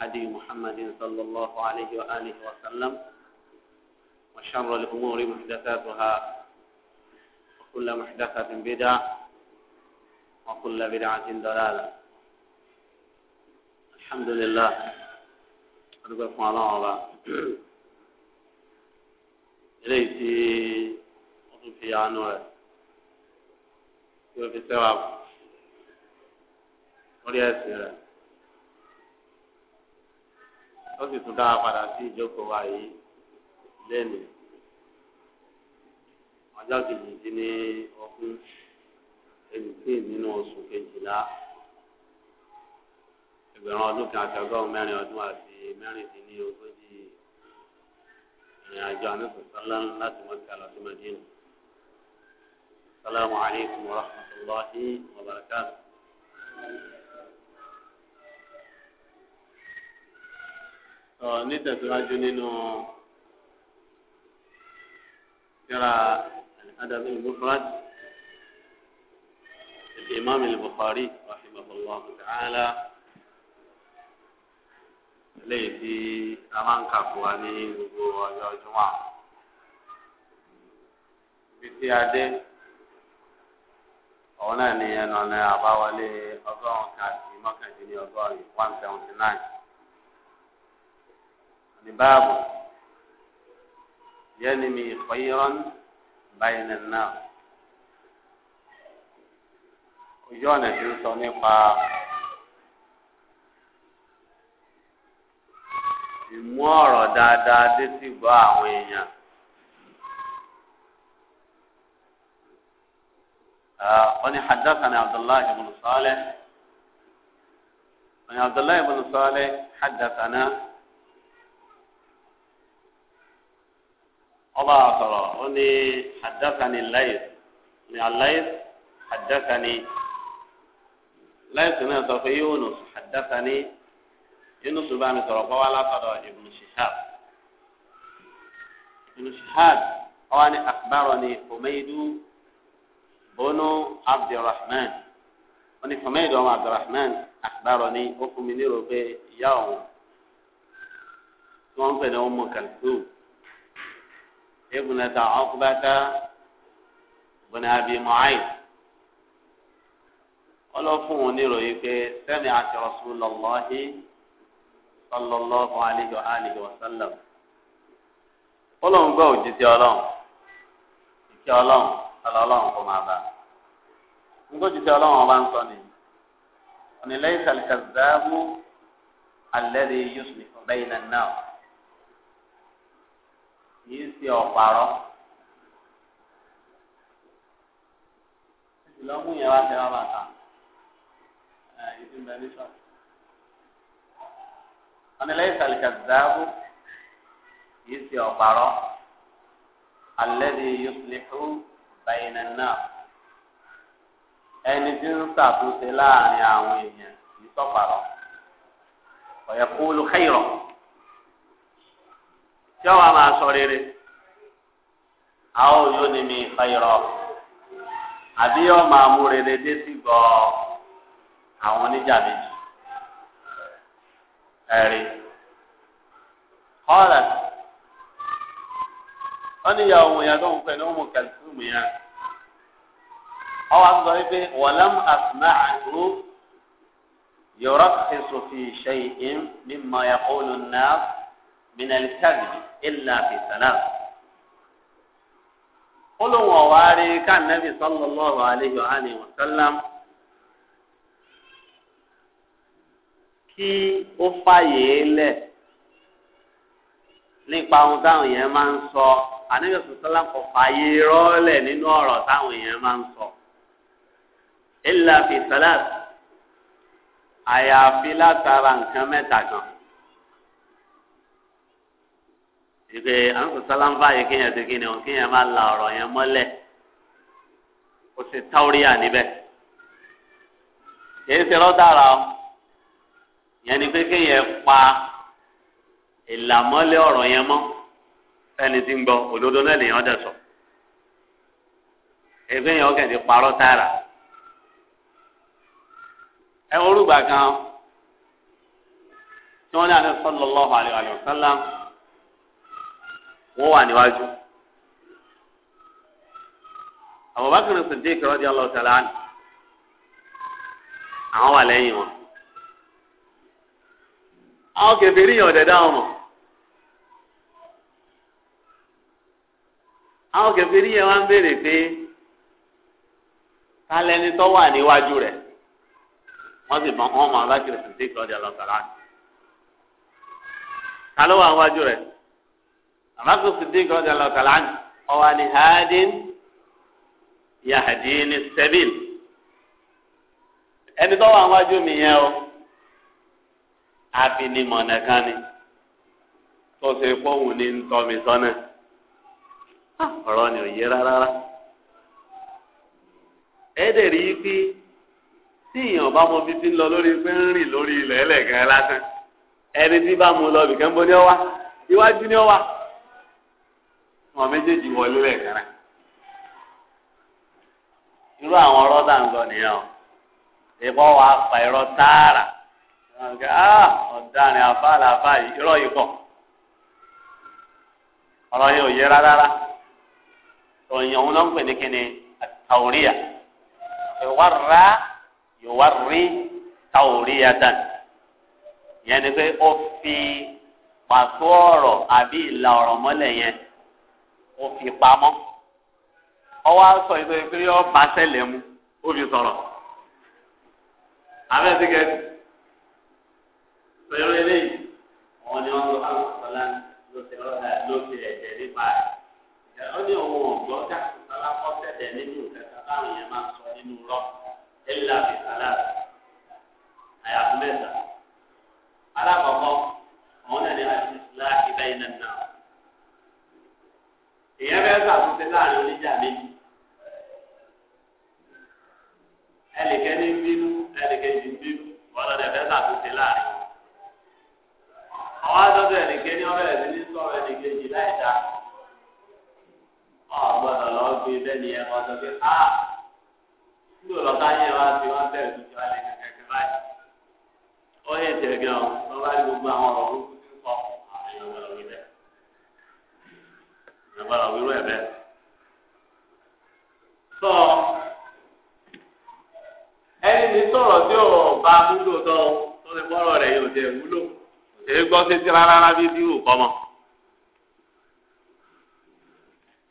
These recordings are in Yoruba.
هدي محمد صلى الله عليه وآله وسلم وشر الأمور محدثاتها وكل محدثة بدعة وكل بدعة ضلالة الحمد لله رب الله أبا إليتي أطفي عنه وفي الثواب وليأسر ó sì tún dára padà sí ìjókòó wa yìí lẹ́nu ọjọ́ kejì ní ogún eighteen nínú oṣù kejìlá ẹgbẹ̀rún ọdún kan àti ọgọ́rùn-ún mẹ́rin ọdún àti mẹ́rìndínlẹ́ ogójì ìrìn àjò àníṣòṣọ́lá láti mọ́kà lọ sí Madina. wa sọ nítẹ̀síwájú nínú yàrá adàbí ìbúfúrásì ìdí ìmáàmì Bukhari rahimahullah ta'ala lẹ́yìn tí a máa ń kà fún wa ní gbogbo ọjọ́ Jímọ̀ ibi tí a dé òun náà ni ẹnu ọ̀nà àbáwọlé ọgọ́rùn-ún kan àti mọ́kàndínlọ́gọ́rin one seventy nine ní ينمي خيرا بين الناس. báyìí nà náà ojú ọ̀nà tí ń sọ nípa ìmú ọ̀rọ̀ dáadáa dé sí gbọ́ àwọn èèyàn. قال حدثنا عبد الله بن صالح عن عبد الله بن صالح حدثنا ọba àsọ̀rọ̀ ó ní àdásani láìs ní aláìs àdásani láìs náà sọ pé Yunus àdásani Yunus bá mi sọ̀rọ̀ pọ́wá látọ̀dọ̀ Ibn Shihab Ibn Shihab ọwọ́ ní akhbarani Humaydu bọ́nú Abdulrahman ó ní Humaydu ọmọ Abdulrahman akhbarani ó fún mi nírò pé ìyá òun tí wọ́n ń pè ní ọmọ Kalthum. ابنة عقبة بن أبي معين ọlọ́fún oníròyìn pé sẹ́mi àti rasulullahi sallallahu alayhi wa alihi wa sallam ọlọ́run gbọ́ òjijì ọlọ́run ìkẹ́ ọlọ́run ọlọ́run kò máa bá nígbà òjijì ọlọ́run ọba ń sọ ni ọ̀nìlẹ́yìn sàlìkàzáàbù alẹ́rìí yusuf bẹ́yìn náà kìí ṣe ọ̀pàrọ̀. ìlọ́mú yẹn wá tẹ́lá bàtà ìdí mẹ́lísọ̀. ọ̀nìlẹ́ ìsàlìkà dáàbò kìí ṣe ọ̀pàrọ̀ alẹ́dí yusufu bàyìnà náà ẹni tí ń ṣàtúnṣe láàrin àwọn èèyàn kìí ọ̀yẹ̀kú olùkẹ́yìrọ̀ tí wọn máa sọ rere àwọn òyò ni mi fẹyọrọ àbí yóò máa mú rere dé sí gbọ àwọn oníjà méjì ẹrí kọlẹ wọn ní ìyàwó wọn yẹn tó ń ọmọ kẹlifíìmù yẹn ọwọ àgbà wípé wọlẹm àtúmọ̀ àdúró. يرخص في شيء مما يقول الناس من kabi إلا في salam olóhùn ọ̀wárí ká nàbì sallallahu alayhi wa alihi wa sallam kí ó fàyè lẹ̀ nípa ohun táwọn èèyàn máa ń sọ ànábì sọ̀tọ́lá kò fàyè rọ́ọ̀lẹ̀ nínú ọ̀rọ̀ táwọn èèyàn máa ń sọ illa fi àyàfi látara nǹkan mẹ́ta kan. ìpè àwọn sọ̀sálàmbá yìí kéèyàn ti kí ni o kéèyàn máa la ọ̀rọ̀ yẹn mọ́lẹ̀ kò sí táwóríyà níbẹ̀ kìí ṣe lọ́dàrà o yẹn ni pé kéèyàn pa ìlàmọ́lẹ̀ ọ̀rọ̀ yẹn mọ́ ẹni tí ń gbọ́ òdodo náà lèèyàn dẹ̀ sọ èyí kéèyàn kẹ̀ ti parọ́ tààrà ẹ orúgbà kan tí wọ́n ní àná sallallahu alaihi wa sallam. wọ́n wà níwájú. Abubakar Siddiq radiyallahu ta'ala anhu àwọn wà lẹ́yìn wọn. àwọn kẹfìrí yàn dẹ̀dá wọn àwọn kẹfìrí yẹn wá ń béèrè pé ta tó wà níwájú rẹ̀ wọ́n sì mọ̀ wọ́n mọ̀ Abubakar Siddiq radiyallahu ta'ala anhu. ta ló wà níwájú rẹ̀? àmàkù sìdíkì ọ̀dà ni ha yahadi ẹni tọwa wà wájú mi yẹn o àfinimọ̀nà ni tó ṣe ah, ni ò yé rárá ẹ̀ẹ́dẹ̀ rí i pé tí èèyàn bá mọ bíbí ń lọ lórí pé ń rìn lórí ilẹ̀ ẹlẹ́gàn lásán ẹni tí bá mu lọ bìkan bó ní ọ wá iwájú ní ọ wọn méjèèjì wọlé lẹ́ẹ̀kan náà irú àwọn ọ̀rọ̀ dà ń lọ nìyẹn o ìbọn wa fa irọ́ tààrà ah, ọ̀daràn afáàlà afáàyè irọ́ yìí pọ̀ ọ̀rọ̀ yìí ò yẹ rárá rárá òyìn òun ló ń pè ní kíni àtàwòríyà ìwárà ìwárí tàwòríyà dàn yẹn ni pé ó fi pàtó ọ̀rọ̀ àbí ìlà ọ̀rọ̀ mọ́lẹ̀ yẹn ó fi pamọ́ ọwọ́ sọ ìtọ́ yìí pé yọ bá sẹ́lẹ̀ mu ó fi sọ̀rọ̀ abẹ́ ti kẹ́sì pẹ̀lú eléyìí wọn ni wọn lọ bá wọn sọ lánàá ló ti ló ti ẹ̀jẹ̀ nípa ẹ̀ ó ní òun ọ̀gbọ́n ká sọlá kọ́ sẹ̀dẹ̀ nínú ìfẹ́ta báwọn yẹn máa sọ nínú rọ ẹ̀là fi sàlá àyàfún mẹ́ta alákọ̀ọ́kọ́ àwọn náà ní àti láàkì bẹ́ẹ̀ náà. èyí abẹ́ sàtúnṣe láàrin oníjà méjì ẹnìkẹ́ni ń bínú ẹnìkejì ń bínú e lọ́dọ̀ ẹ̀fẹ́ sàtúnṣe láàrin àwọn àtọ́jú ẹnìkẹ́ni ni sí ní sọ̀rọ̀ ẹnìkejì láì dá ọ̀gbọ́dọ̀ lọ gbé bẹ́ẹ̀ni ẹ̀ wọ́n sọ pé a nílò lọ́tà yẹn wá sí wọn bẹ̀rẹ̀ tuntun báyìí ó yẹ ìyàgbọ́dọ̀ wíwú ẹ̀ bẹ́ẹ̀. sọ ẹni ní sọ̀rọ̀ tí ò bá múlò tọ́ tó lè bọ́rọ̀ rẹ̀ yóò jẹ́ wúlò èyí gbọ́ sí ti rárá bí bí wù kọ́mọ.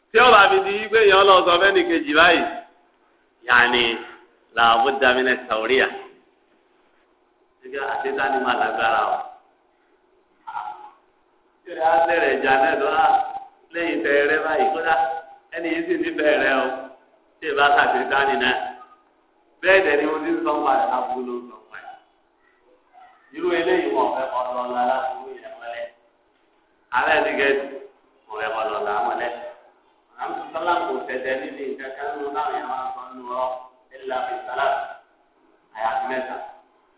tí ọ̀rọ̀ àbí di yí pé èèyàn lọ sọ fẹ́ni kejì báyìí yàní làbó damínẹ sàwóríyà ṣíkà àtẹ́tà ni màá o. kí ni a bẹ̀rẹ̀ ìjà náà lọ́wọ́ lẹ́yìn bẹ̀rẹ̀ báyìí kódà ẹni yìí sì ní bẹ̀rẹ̀ o tí ìbá kàtí dání náà bẹ́ẹ̀ dẹ̀ ni mo ti ń sọ wà lẹ́ka fún ló ń sọ wà yìí. irú eléyìí wọn fẹ́ kọ́ lọ lára irú ìyẹn mọ́lẹ̀ alẹ́ nìkẹ́ wọn fẹ́ kọ́ lọ lára mọ́lẹ̀. àwọn sọlá kò tẹ̀tẹ̀ nínú ìkẹ́kẹ́ ló láwọn yẹn máa sọ nínú ọ ilà fi sálà àyàfi mẹ́ta.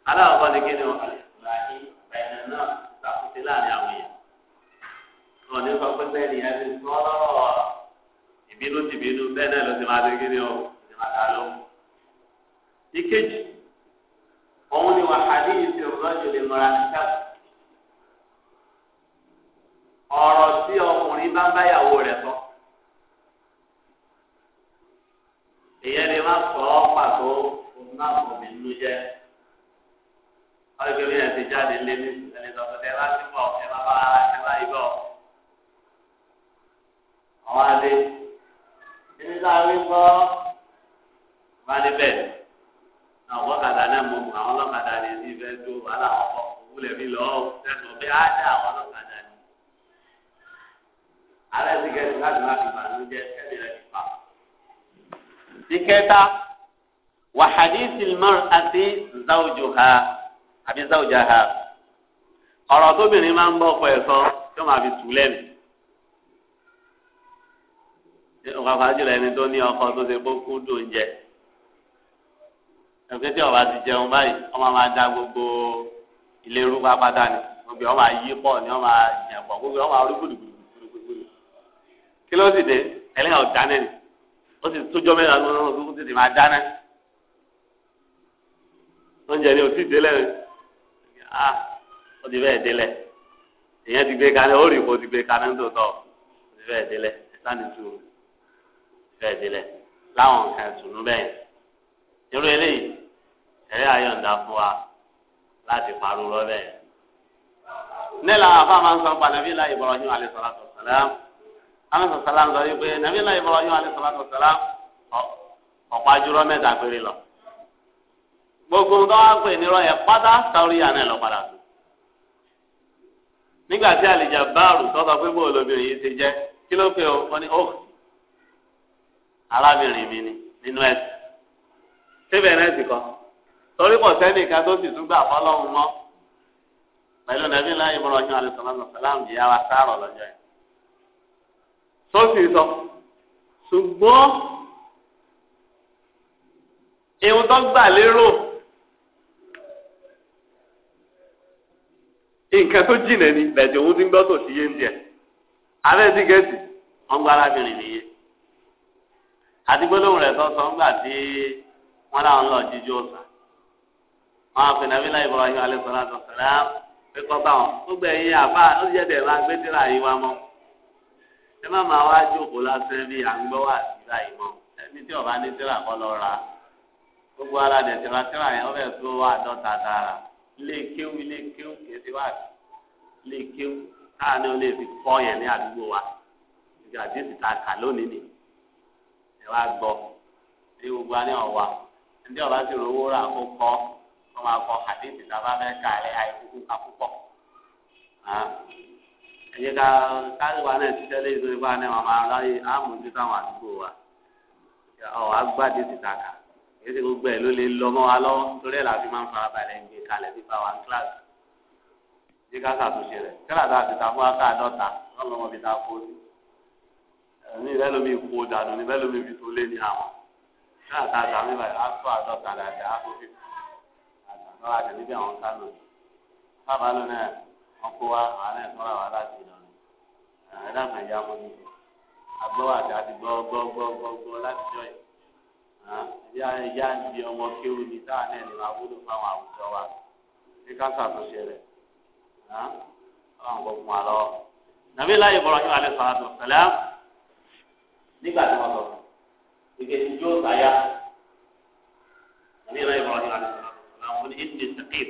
aláwọ̀ kọ́ni kí ni wọ́n kàlẹ́ wọn ní sọ pé sẹ́ni ẹ ti sọ lọ́rọ̀ ìbínú tìbínú bẹ́ẹ̀ náà ló ti máa dégé ní o ti máa dá ló. ìkejì òun ni wàhálì ìsì rọ́jò lè mọ̀ra níta. ọ̀rọ̀ tí ọkùnrin bá ń báyàwó rẹ̀ sọ. ìyẹn lè má sọ ọ́ pàtó òun náà kò mí nínú jẹ́. ọ̀rọ̀ yẹn ti jáde lé ní ìsìn ẹni sọ pé ẹ bá bá bá ẹ bá yí bọ̀ ọ̀hún adé ẹni tá a rí gbọ́ bá ní bẹ́ẹ̀ àwọn ọlọ́kadà náà mọ̀ mọ́ àwọn ọlọ́kadà ní ẹni ìfẹ́ tó wàhálà ọkọ̀ òwúlẹ̀ mi lọ́ọ́ sẹ́nu bí á dá àwọn ọlọ́kadà ní. alẹ́ ti kẹ́sì láti má fi bàánújẹ́ kẹ́sì rẹ̀ ti pa. ìkẹta wà hadith àti zawjuha àbí zawjaha ọ̀rọ̀ tóbìnrin máa ń gbọ́ ọkọ̀ ẹ̀ sọ máa fi tù lẹ́nu pàápàá jùlọ ẹni tó ní ọkọ tó ṣe kókó dùn jẹ ẹgbẹ́ tí ọba ti jẹun báyìí ọmọ máa da gbogbo ilé rúbá ni gbogbo ọmọ yí pọ̀ ni ọmọ yẹn pọ̀ gbogbo ọmọ arú gbùdùgbùdùgbùdùgbùdù kí ló sì dé ẹlẹ́yà ọ̀dá náà ni ó sì tójọ́ mẹ́ta ló ń tó tètè máa dáná oúnjẹ ni òtí délẹ̀ ah ó ti bẹ́ẹ̀ délẹ̀ èèyàn ti gbé kaná ó rí ipò ti gbé kaná tó tọ̀ ó ti bẹ́ẹ̀ délẹ̀ ẹ̀ sáà ní sùúrù bẹ́ẹ̀ délẹ̀ láwọn nǹkan ìtùnú bẹ́ẹ̀ irú eléyìí ẹ̀rí àyọ̀ǹda fún wa láti parọ́ rọ́bẹ̀ yẹn. nílà àfa máa ń sọ pa nàbí ilá Ibrahim alayhi salatu wassalam àwọn sọ̀sọ̀lá ń sọ yìí pé nàbí ilá Ibrahim alayhi salatu wassalam ọ̀pọ̀ ajúrọ̀ mẹ́ta péré lọ. gbogbo ń dọ́wọ́ pé nírọ̀ yẹn pátá sọ̀rí yàn náà lọ padà tó. nígbà tí àlejò báàrù sọ́sọ pé bóòlù obìnrin yìí ti jẹ́ kí ló pé o wọ́n ní ókè arábìnrin mi ni nínú ẹ̀sìn síbẹ̀ náà sì kọ́ torí kò sẹ́nìkan tó sì tún gbà fọlọ́run mọ́ pẹ̀lú nàbí ńlá Ibrahim alẹ́sọ̀lá sàlám yìí ara sáárọ̀ lọ́jọ́ yẹn tó sì sọ ṣùgbọ́n ìhun tó gbà lérò nǹkan tó jìnà ni lẹ́jọ̀ òun ti ń gbọ́ tòṣìyé ń jẹ alẹ́ ti gẹ̀ẹ́sì wọ́n gba arábìnrin nìyẹn àti gbólóhùn rẹ̀ sọ́sọ́ ńgbà tí wọ́n láwọn lọ jíjú ọ̀sán wọn àfẹ nàbílà Ibrahim alẹ́sọ̀rọ̀ àtọ̀sọ̀rọ̀ pé kọ́ bá wọn ó gbẹ̀ yín àbá ó yẹ dẹ̀ máa gbé dìrà yín wá mọ́ ẹ má máa wá jókòó lásán bí à ń gbọ́ wà síra yìí mọ́ ẹni tí ọba ní dìrà kọ́ lọ ra gbogbo ara dẹ̀ tẹ̀ra tẹ̀ra yẹn ọbẹ̀ tó wà dọ́ta dára lè kéwú lè kéwú kéde wá lè kéwú káà ní o lè fi kọ́ yẹn ní àdúgbò wa ìgbà tí ti ta kà lónìí nìyí ẹ wá gbọ́ ní gbogbo wa ní ọ̀wà ndí ọ̀bá ti rówó rà kó kó máa kọ́ àdéhùn ìtàbá fẹ́ ká àìkúkú ká púpọ̀ ká káríwá náà ti tẹ́lẹ̀ ìdúró bá náà máa ráyè àmójú táwọn àdúgbò wa ọ̀ agbáde ti tàkà èyí ti gbogbo ẹ̀ ló lè lọ mọ́ wa lọ́wọ́ torí ẹ̀ la fi máa ń fara balẹ̀ gbé kalẹ̀ bí bá wa ń kíláàsì jẹ́ ká ṣàtúnṣe rẹ̀ kíláàsì àti tàfún akáàdọ́ta lọ́lọ́mọbi ta kó sí ẹni bẹ́ẹ̀ lómi kó dànù ni bẹ́ẹ̀ lómi fi tó lé ní àwọn náà ta àtàmì báyìí aṣọ àdọ́ta dàdà aṣọ fífi àtàmì wa tẹ̀lé bí àwọn kánò sábà lọ náà wọn kó wa àwọn ẹ̀sọ́ ra wa láti ìlọrin dàgbà ìyá wọn ni agbọ́ àti àti gbọ́ gbọ́ gbọ́ gbọ́ gbọ́ láti jọ yìí ìyá ìyá ń di ọmọ kéwù ní táà náà ní ma wúlò fáwọn àwùjọ wa ní ká ṣàtúnṣe rẹ̀ ọ̀hún gbọ́ fún wa lọ́wọ́ nàbí láyé Ibrahim alayhi salatu wa nígbà tí wọ́n sọ fún ìgbè tí yóò sáyà ní ìlànà ìbọn ìlànà ìlànà àwọn oníṣẹ́ sẹ́kìm.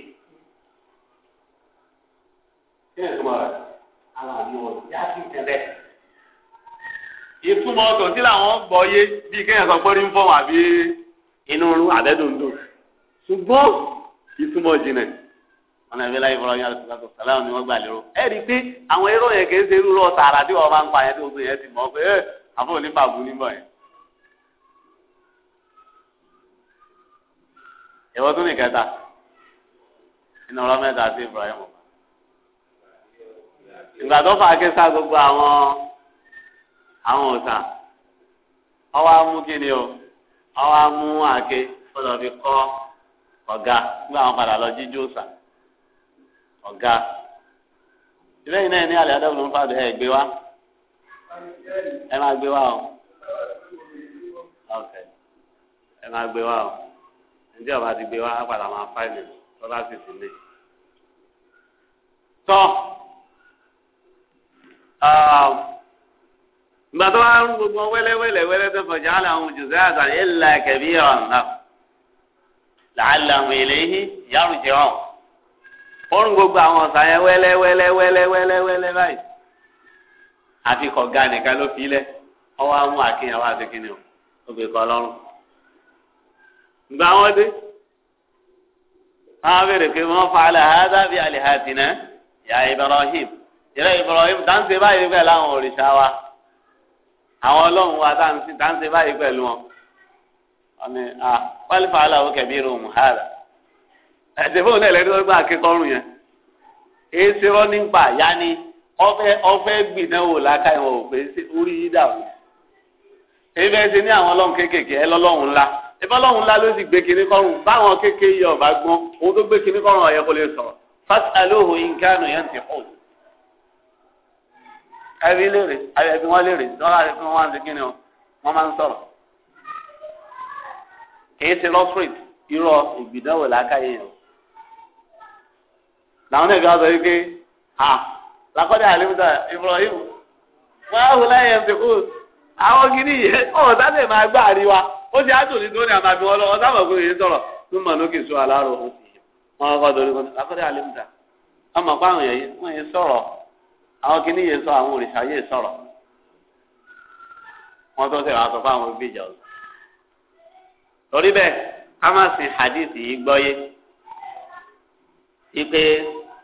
kí ni ìtumọ̀ rẹ̀ ara mi ò yá sí tẹ́lẹ̀. ìtumọ̀ ọ̀tọ̀ sí làwọn gbọ́ yé bí kéèyàn sọ pé rí ń fọ́ wọn àbí inú rú àbẹ́dùndùn ṣùgbọ́n ìtumọ̀ jìnnà wọn náà fẹlẹ ìfọwọ́ yẹn alùpùpù àti sàlámù ni wọn gbà lérò ẹ rí i pé àwọn eré yẹn kì í ṣe irú lọ tààrà tí wọn máa ń pa yẹn tó gbé yẹn ti mọ pé àfọ onífàbù níbọ̀ yẹn. ìwọ tún ní kẹta nínú ọ̀rọ̀ mẹ́ta sí Ibrahim ìgbà tó fà ké sá gbogbo àwọn àwọn òòsàn ọwọ́ amú kíni o ọwọ́ amú àké ó lọ fi kọ́ ọ̀gá nígbà wọn padà lọ jíjú òòsà ọ̀gá ìbẹ́yìn náà ní alẹ́ adágún ló gbé wá ẹ máa gbé wá o ok ẹ máa gbé wá o ǹjẹ́ ọba ti gbé wá á padà máa fáìlì lọ́lá sì sí lé tọ́ um, ìgbà tó wá ń gbogbo wẹ́lẹ́wẹ́lẹ́ wẹ́lẹ́ tó fọjá àwọn òjòzẹ́ àtàrí ìlà kẹ̀mí ọ̀ràn náà làálàmù eléyìí yàrá jẹun ó ń gbogbo àwọn ọ̀sán yẹn wẹ́lẹ́wẹ́lẹ́wẹ́lẹ́wẹ́lẹ́ báyìí àfi kọ̀ọ̀gá nìkan ló fi lẹ̀ ọwọ́ amú àkínyàn wá sí kíni o ó gbé kọ́ lọ́rùn. gbà wọ́n dé wọ́n béèrè pé wọ́n fa alahada bíi alihatina ya Ibrahim ìrẹ́ Ibrahim dáńsẹ̀ báyìí pẹ̀lú àwọn òrìṣà wa àwọn ọlọ́run wa dáńsẹ̀ báyìí pẹ̀lú wọn. ọ̀nì à wálé fa aláwo kẹ̀mí irun muhara ẹ̀sẹ̀ náà lẹ́nu tó gbà kékọ́rùn yẹn èé ṣe rọ́ nípa yá ni. ọfẹ ọfẹ gbìdánwò làákà ìwọ òfé orí yìí dàrú èyí ẹsẹ ní àwọn ọlọ́run kéékèèké ẹ ńlá ìbá ọlọ́run ńlá ló sì gbé kinní ọba òun tó gbé kinní kọrùn ọyẹ kó lè ẹbí ẹbí wọn dọ́là wọn ọ wọn máa ń kì í irọ́ ìgbìdánwò yẹn o làwọn sọ lakọ́dà àlébùtà Ibrahim wáhù láyé ṣèkú àwọn gidi yẹ ọ̀sán O máa gbá àríwá ó ti àtò ní tóní àmàbí wọn lọ ọ̀sán mọ̀kúrò yìí sọ̀rọ̀ ti tó fáwọn torí sin hadith yìí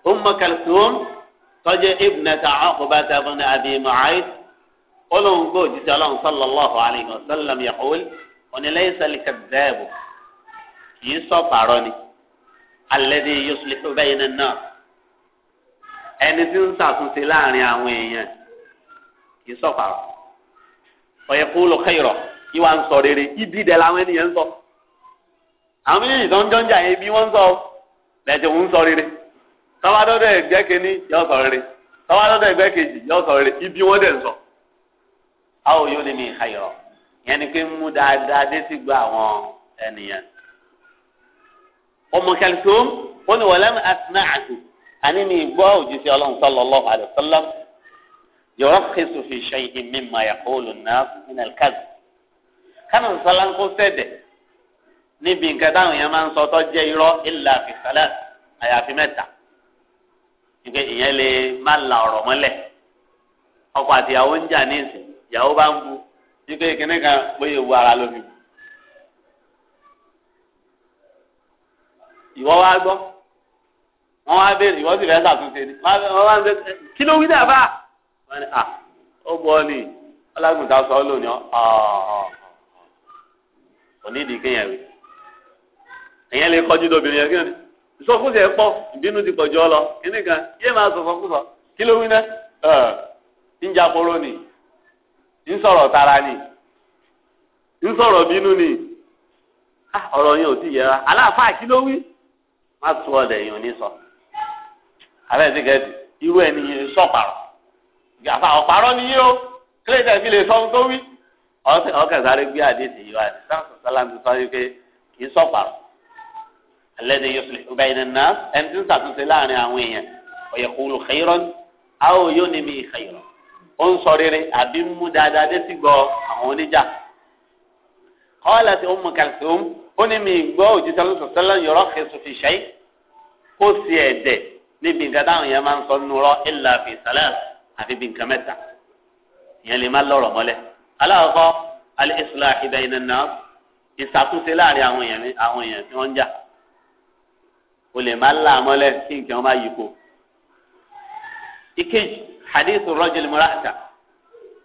ó mọ tọ́jú ibùnẹ́ta ọkùnbẹ́ta ibùnẹ́ abi mu'ayt olóhùn kó jíjẹ ọlọ́run sallallahu alayhi wa sallam yaqul onílẹ̀yẹsẹ̀ lìkàdẹ́ẹ̀bù kìí sọ pààrọ̀ ni alladhi yuslihu bayna an-nas ẹni tí ń ṣàtúnṣe láàrin àwọn èèyàn kìí sọ pààrọ̀ ọ̀yẹ̀ kúlù khayra ìwà ń sọ rere ibi dẹ̀ làwọn ènìyàn ń sọ àwọn méjèèjì tó ń jọ́njà yẹn bí wọ́n ń sọ lẹ́jọ̀ ń sọ rere tọ́wádọ́dọ̀ ẹgbẹ́ kìíní yọ sọ rere tọ́wádọ́dọ̀ ẹgbẹ́ kejì yọ sọ rere ibi wọn dẹ̀ ń sọ. àwọn yóò lè mi ìhayọ̀ yẹn ni pé mú dáadáa dé sí gba àwọn ènìyàn. ọmọ kẹlifíọ́m ó ní wọlé asiná àti àní ní ìgbọ́ òjíṣẹ́ ọlọ́run sallallahu alaihi wasallam yurakhisu fi shay'in mimma yaqulu an-nas min al-kadhib. kánà sọlá ń níbi nǹkan táwọn yẹn máa ń sọ tó jẹ́ ìlà fi àyàfi mẹ́ta ìgbẹ́ ìyẹn lè má la ọ̀rọ̀ mọ́lẹ̀ ọkọ àti ìyàwó ń jà ní ìsìn ìyàwó bá ń bu wípé kíní kan bóyá ewu ara ló fi bu. ìwọ wá gbọ́ wọ́n wá béèrè ìwọ sì fẹ́ ṣàtúnṣe ni wọ́n wá ń ṣe kí ló wí dà bá wọ́n ní à ó gbọ́ ni ọlágùntà sọ ọ́ lónìí ọ̀ kò ní ìdí kéèyàn rí ìyẹn lè kọjú lóbìnrin yẹn kí ni ìsọkúsọ ẹ pọ̀ ìbínú ti pọ̀jọ́ lọ kíní kan yé máa sọ sọkúsọ kí ló wí ná ń jàpọ̀rọ̀ ni ń sọ̀rọ̀ tara ni ń sọ̀rọ̀ bínú ni ọ̀rọ̀ yẹn ò ti yẹra aláàfáà kí ló wí má tu ọ̀dẹ̀ yìí ò ní sọ abẹ́ ti kẹ́ẹ̀tì irú ẹni yẹn sọ̀pàrọ̀ gàfà ọ̀pàrọ̀ ni yé o kílẹ̀tẹ̀ fi lè sọ ohun tó wí ọkẹ́ sáré gbé àdéhùn yìí wá àdéhùn sálámù sọ wípé kì í sọ̀pàrọ̀ alladhi yuslihu bayna an-nas ẹni tí ń sàtúnṣe láàrin àwọn èèyàn wa yaqulu khayran aw yunmi khayran ó ń sọ rere àbí mú dáadáa dé sí gbọ́ àwọn oníjà qalat Ummu Kalthum ó ní mi gbọ́ òjíṣẹ́ lọ́sọ̀ sẹ́lẹ̀ yọ̀rọ̀ kẹsùn fi ṣe é kó sì ẹ̀dẹ̀ níbi nǹkan táwọn yẹn máa ń sọ nínú rọ ìlà fi sàlẹ̀ àfi bí nǹkan mẹ́ta ìyẹn lè má lọ̀rọ̀ mọ́lẹ̀ aláwọ̀kọ́ al-islah bayna an-nas ìṣàtúnṣe láàrin àwọn èèyàn tí wọ́n ń jà o lè má là mọ́lẹ̀ kí nǹkan ọmọ yìí kó. ìkejì hadithu rọ́jìlì múrata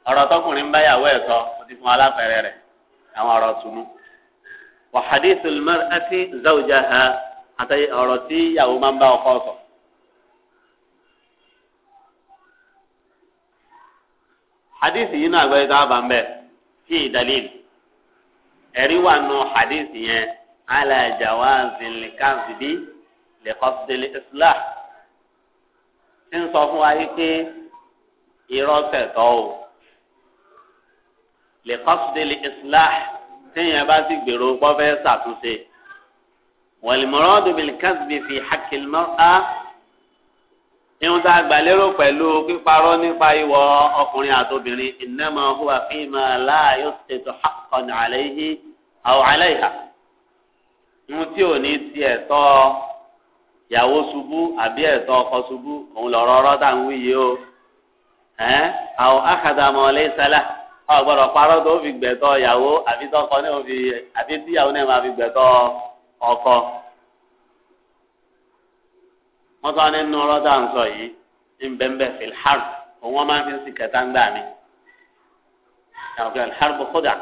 ọ̀rọ̀ tọkùnrin bá yàwó ẹ̀ sọ o ti fún aláfẹ̀rẹ̀ rẹ̀ àwọn ọ̀rọ̀ tunu. wà hadithu lmar'ati zawjaha àti ọ̀rọ̀ tí yàwó máa ń bá ọkọ sọ. hadithi yìí náà àgbẹ̀yẹ tó bá ń bẹ̀ dalil ẹ̀rí wà nù hadithi yẹn ala jawazil kadhibi lẹ́kọ̀ọ́dẹ́lẹ́ islam ti ń sọ fún wa yìí pé ìrọ́sẹ̀ tọ́ o lẹ́kọ̀ọ́dẹ́lẹ́ islam téèyàn bá sì gbèrò pọ́fẹ́ ṣàtúnṣe wàlìmọ́rọ́dù bìlkásìbì fi hakilmọ́ á ihun tá a gbà lérò pẹ̀lú píparọ́ nípa ìwọ ọkùnrin àtobìnrin innama huwa fima la yusqitu haqqan alayhi aw alayha. mo tí ò ní tiẹ̀ tọ́ ọ ìyàwó ṣubú àbí ẹ̀tọ́ ọkọ ṣubú òun lọ̀rọ̀ ọ̀rọ̀ tá à ń wí yìí o ẹ̀ àwọn akadàmọ̀ lẹ́sàlá ọ̀ gbọ́dọ̀ parọ́ tó fi gbẹ̀tọ̀ ìyàwó àbí tọkọ náà fi àbí tíyàwó náà máa fi gbẹ̀tọ̀ ọkọ. wọ́n tọ́ ní nínú ọ̀rọ̀ tá à ń sọ yìí ní bẹ́ńbẹ́ filhar òun wọ́n máa fi ń kẹta ń gbà mí. filhar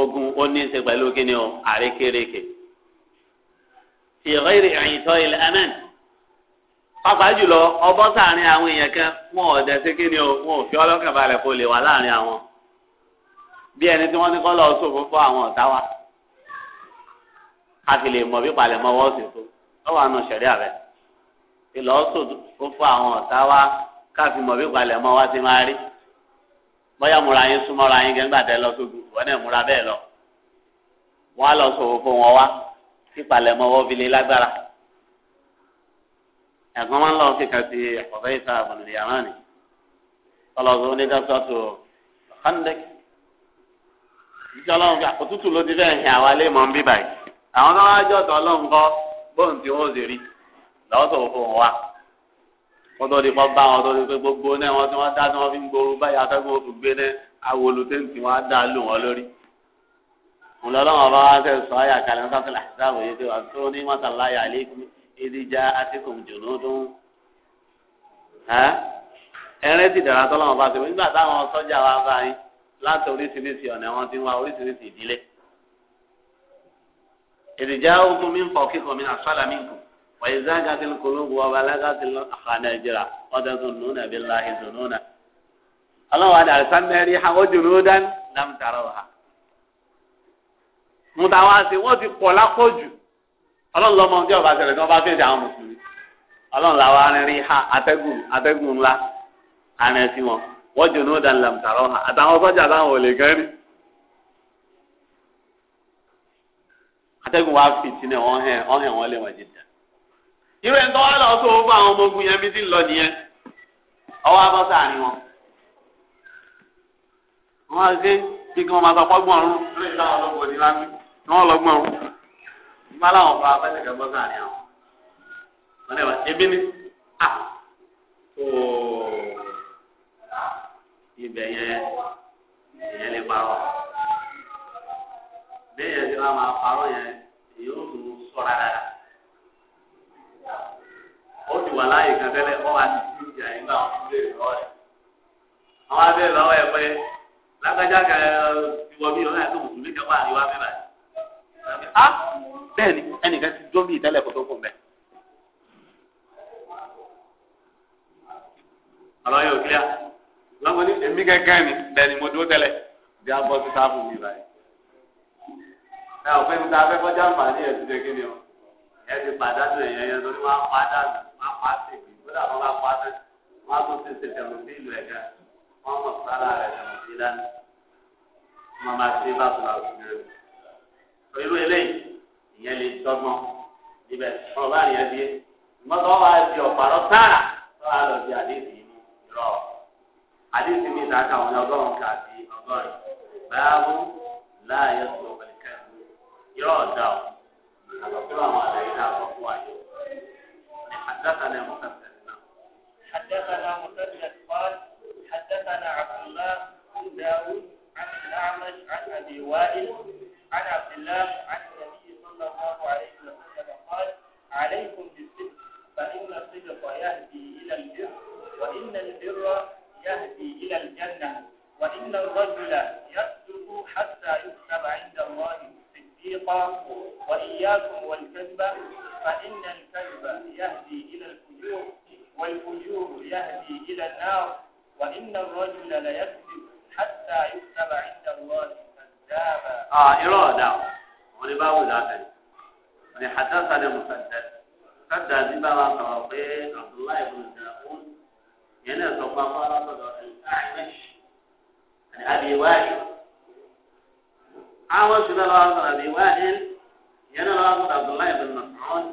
ogun ó ní í ṣe pẹ̀lú kí ni o àrékérekè ìrẹ́rì àyìntọ́ ilẹ̀ amen pàápàá jùlọ ọbọ sáàrin àwọn èèyàn kan wọn ò dẹsẹ kí ni o wọn ò fi ọlọ́kàn balẹ̀ kó lè wà láàrin àwọn bí ẹni tí wọ́n ní kọ́ lọ sófin fún àwọn ọ̀tá wa a sì lè mọ̀ bí palẹ̀ mọ́ wọ́ọ̀sì tó lọ́wọ́ àna ṣẹ̀rí àbẹ̀ ìlọ́sọ̀ fún àwọn ọ̀tá wa ká fi bí palẹ̀ mọ́ wa ti máa rí bóyá múra yín súnmọ́ra yín gẹ́gbà tẹ lọ sógun wọn náà múra bẹ́ẹ̀ lọ wọn á lọ sọ̀rọ̀ fún wọn wá ìpalẹ̀ mọ́ wọn fi lé lágbára ẹ̀gbọ́n máa ń lọ kíkà sí ọ̀fẹ́ ìsà àbùnìyàn yàrá ni ọlọ́sọ onídàásọ́tò khandek ìjọ ọlọ́run fi òtútù ló ti fẹ́ hìn àwa lé mọ́ ń bí àwọn tó wá jọ̀tọ̀ ọlọ́run kọ́ bóun tí wọ́n ó wọ́n tó di pọ́ bá wọn tó di pé gbogbo náà wọ́n tí wọ́n dá tí wọ́n fi ń gbooru báyìí atẹ́gùn oṣù gbé náà awolu tẹ́ǹtì wọn á dá lù wọn lórí. ńlọlọ́wọ́n bá wọn sẹ́yìn sọ ayà kalẹ̀ wọn sáfìlà dáàbò yìí tó wà tó ní mọ́sálàyà àlékún ìdíjà àtìkùn jùlọ tó ń. ẹrẹ́ ti dàrá tọ́lọ́wọ́n bá ti wọ́n nígbà táwọn sọ́jà wa bá yín láti oríṣiríṣi ọ̀nà wọn ti wá oríṣiríṣi ìdílé. ìdíjà ogun mi ń fọ kíkọ mi nà sọ́lá mi وإذا القلوب وبلغت الخناجر وتظنون بالله ظنونا الله قد أرسلنا ريحا وجنودا لم تروها mutawasi wọn ti pọ̀ lápọ̀jù ọlọ́run lọ́mọ ọjọ́ ọba ṣẹlẹ̀ tí wọ́n bá fèsì àwọn mùsùlùmí ọlọ́run làwọn arìnrìn ha atẹ́gùn atẹ́gùn ńlá arìnrìn sí wọn wọ́n ha àtàwọn irú ẹni tó wá lọ sóhun fún àwọn ọmọ ogun yẹn bí ti ń lọ nìyẹn ọwọ́ abọ́ sáàrin wọn. wọ́n á gé bí kí wọ́n máa sọpọ́ gbọ́n ọ̀run lórí ìlànà ọlọ́gbọ̀n òdì lámì ni wọ́n lọ ọ̀run. ìgbà láwọn fa abẹ́sẹ̀kẹ́ bọ́ sáàrin àwọn. wọ́n lè wá ebi ni ah. ibẹ̀ yẹn ìyẹn lè parọ́ bẹ́ẹ̀ yẹn ti máa parọ́ yẹn èyí ó sọ̀rọ̀ dáadáa. o ti wà láàyè kan tẹ́lẹ̀ wọ́n wá ti sí ìyá yìí náà wọ́n lè lọ́wọ́ rẹ̀. a ẹnìkan ti dọ́ ní èmi ni mo dúró bí a ọ ẹ ti pàdánù apá tèmi pa ọ àwọn àlàyé náà حدثنا مسدد حدثنا مسدد قال حدثنا عبد الله بن داوود عن الأعمش عن أبي وائل عن عبد الله عن النبي صلى الله عليه وسلم قال عليكم بالصدق فإن الصدق يهدي إلى البر وإن البر يهدي إلى الجنة وإن الرجل يصدق حتى يكتب عند الله التصديق وإياكم والكذب فإن الكذب يهدي إلى الفجور والفجور يهدي إلى النار وإن الرجل ليكذب حتى يكتب عند الله كذابا آه إرادة ولباب الآخر ولحدثنا مسدد مسدد بما صرفين عبد الله بن داود ينسى فقال الأعمش عن أبي وائل àwọn sì náà lọ́wọ́ sọ̀rọ̀ àbí wáhìn ìyẹn náà lọ́wọ́ sọ̀rọ̀ Abdullahi bin Mas'ud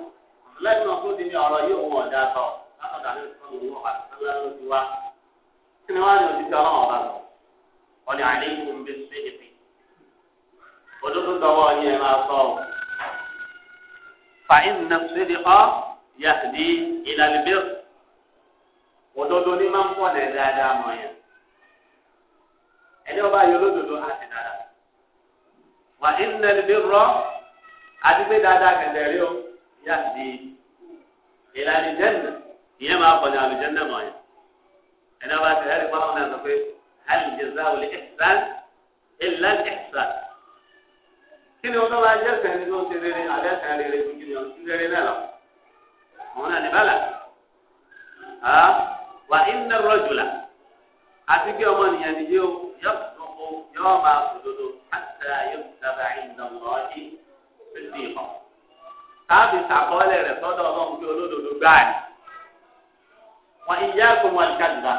Abdullahi bin Mas'ud ti ní ọ̀rọ̀ yóò wọ̀ ọ̀dà sọ látọ̀dà ní sọ̀rọ̀ wọ́n àtàlẹ́ ló ti wá kí ni wọ́n á ní òṣìṣẹ́ ọlọ́wọ́ bá sọ ọ̀nì àlékún bí sèpì òdodo dọwọ́ yẹ máa sọ ọ́ fàyín nàfẹ́lẹ́ ọ́ yàtìdí ìlàlẹ́bẹ́ òdodo ní máa ń pọ̀ náà dáadáa wà ìnà níbi rọ àti pé dáadáa kẹ̀kẹ́ rí o yá sí ìlànà ìjẹ́nà ìyẹn máa kọ̀ ní àlùjẹ́nà mọ̀ yẹn ẹ̀dá bá ti rẹ́rìí pàmò náà sọ pé àlùjẹ́sà wòlé ẹ̀sán ìlà ẹ̀sán kí ni wọ́n bá jẹ́ sẹ́ni tó ń ṣe rere alẹ́ sẹ́ni rere ju kí ni wọ́n ti rere náà lọ òun náà ní bàlá wà ìnà rọ̀jùlà àti bí ọmọ nìyẹn nìyẹn o yọ máa fòdodo àtà yóò sábà ìnà lọ́ọ́dí fífi hàn. káàbì sàkọọ́lẹ̀ rẹ̀ sọ́dọ̀ ọlọ́run pé olódodo gbáà ni. wọn ìyá kò wọn kàdùnà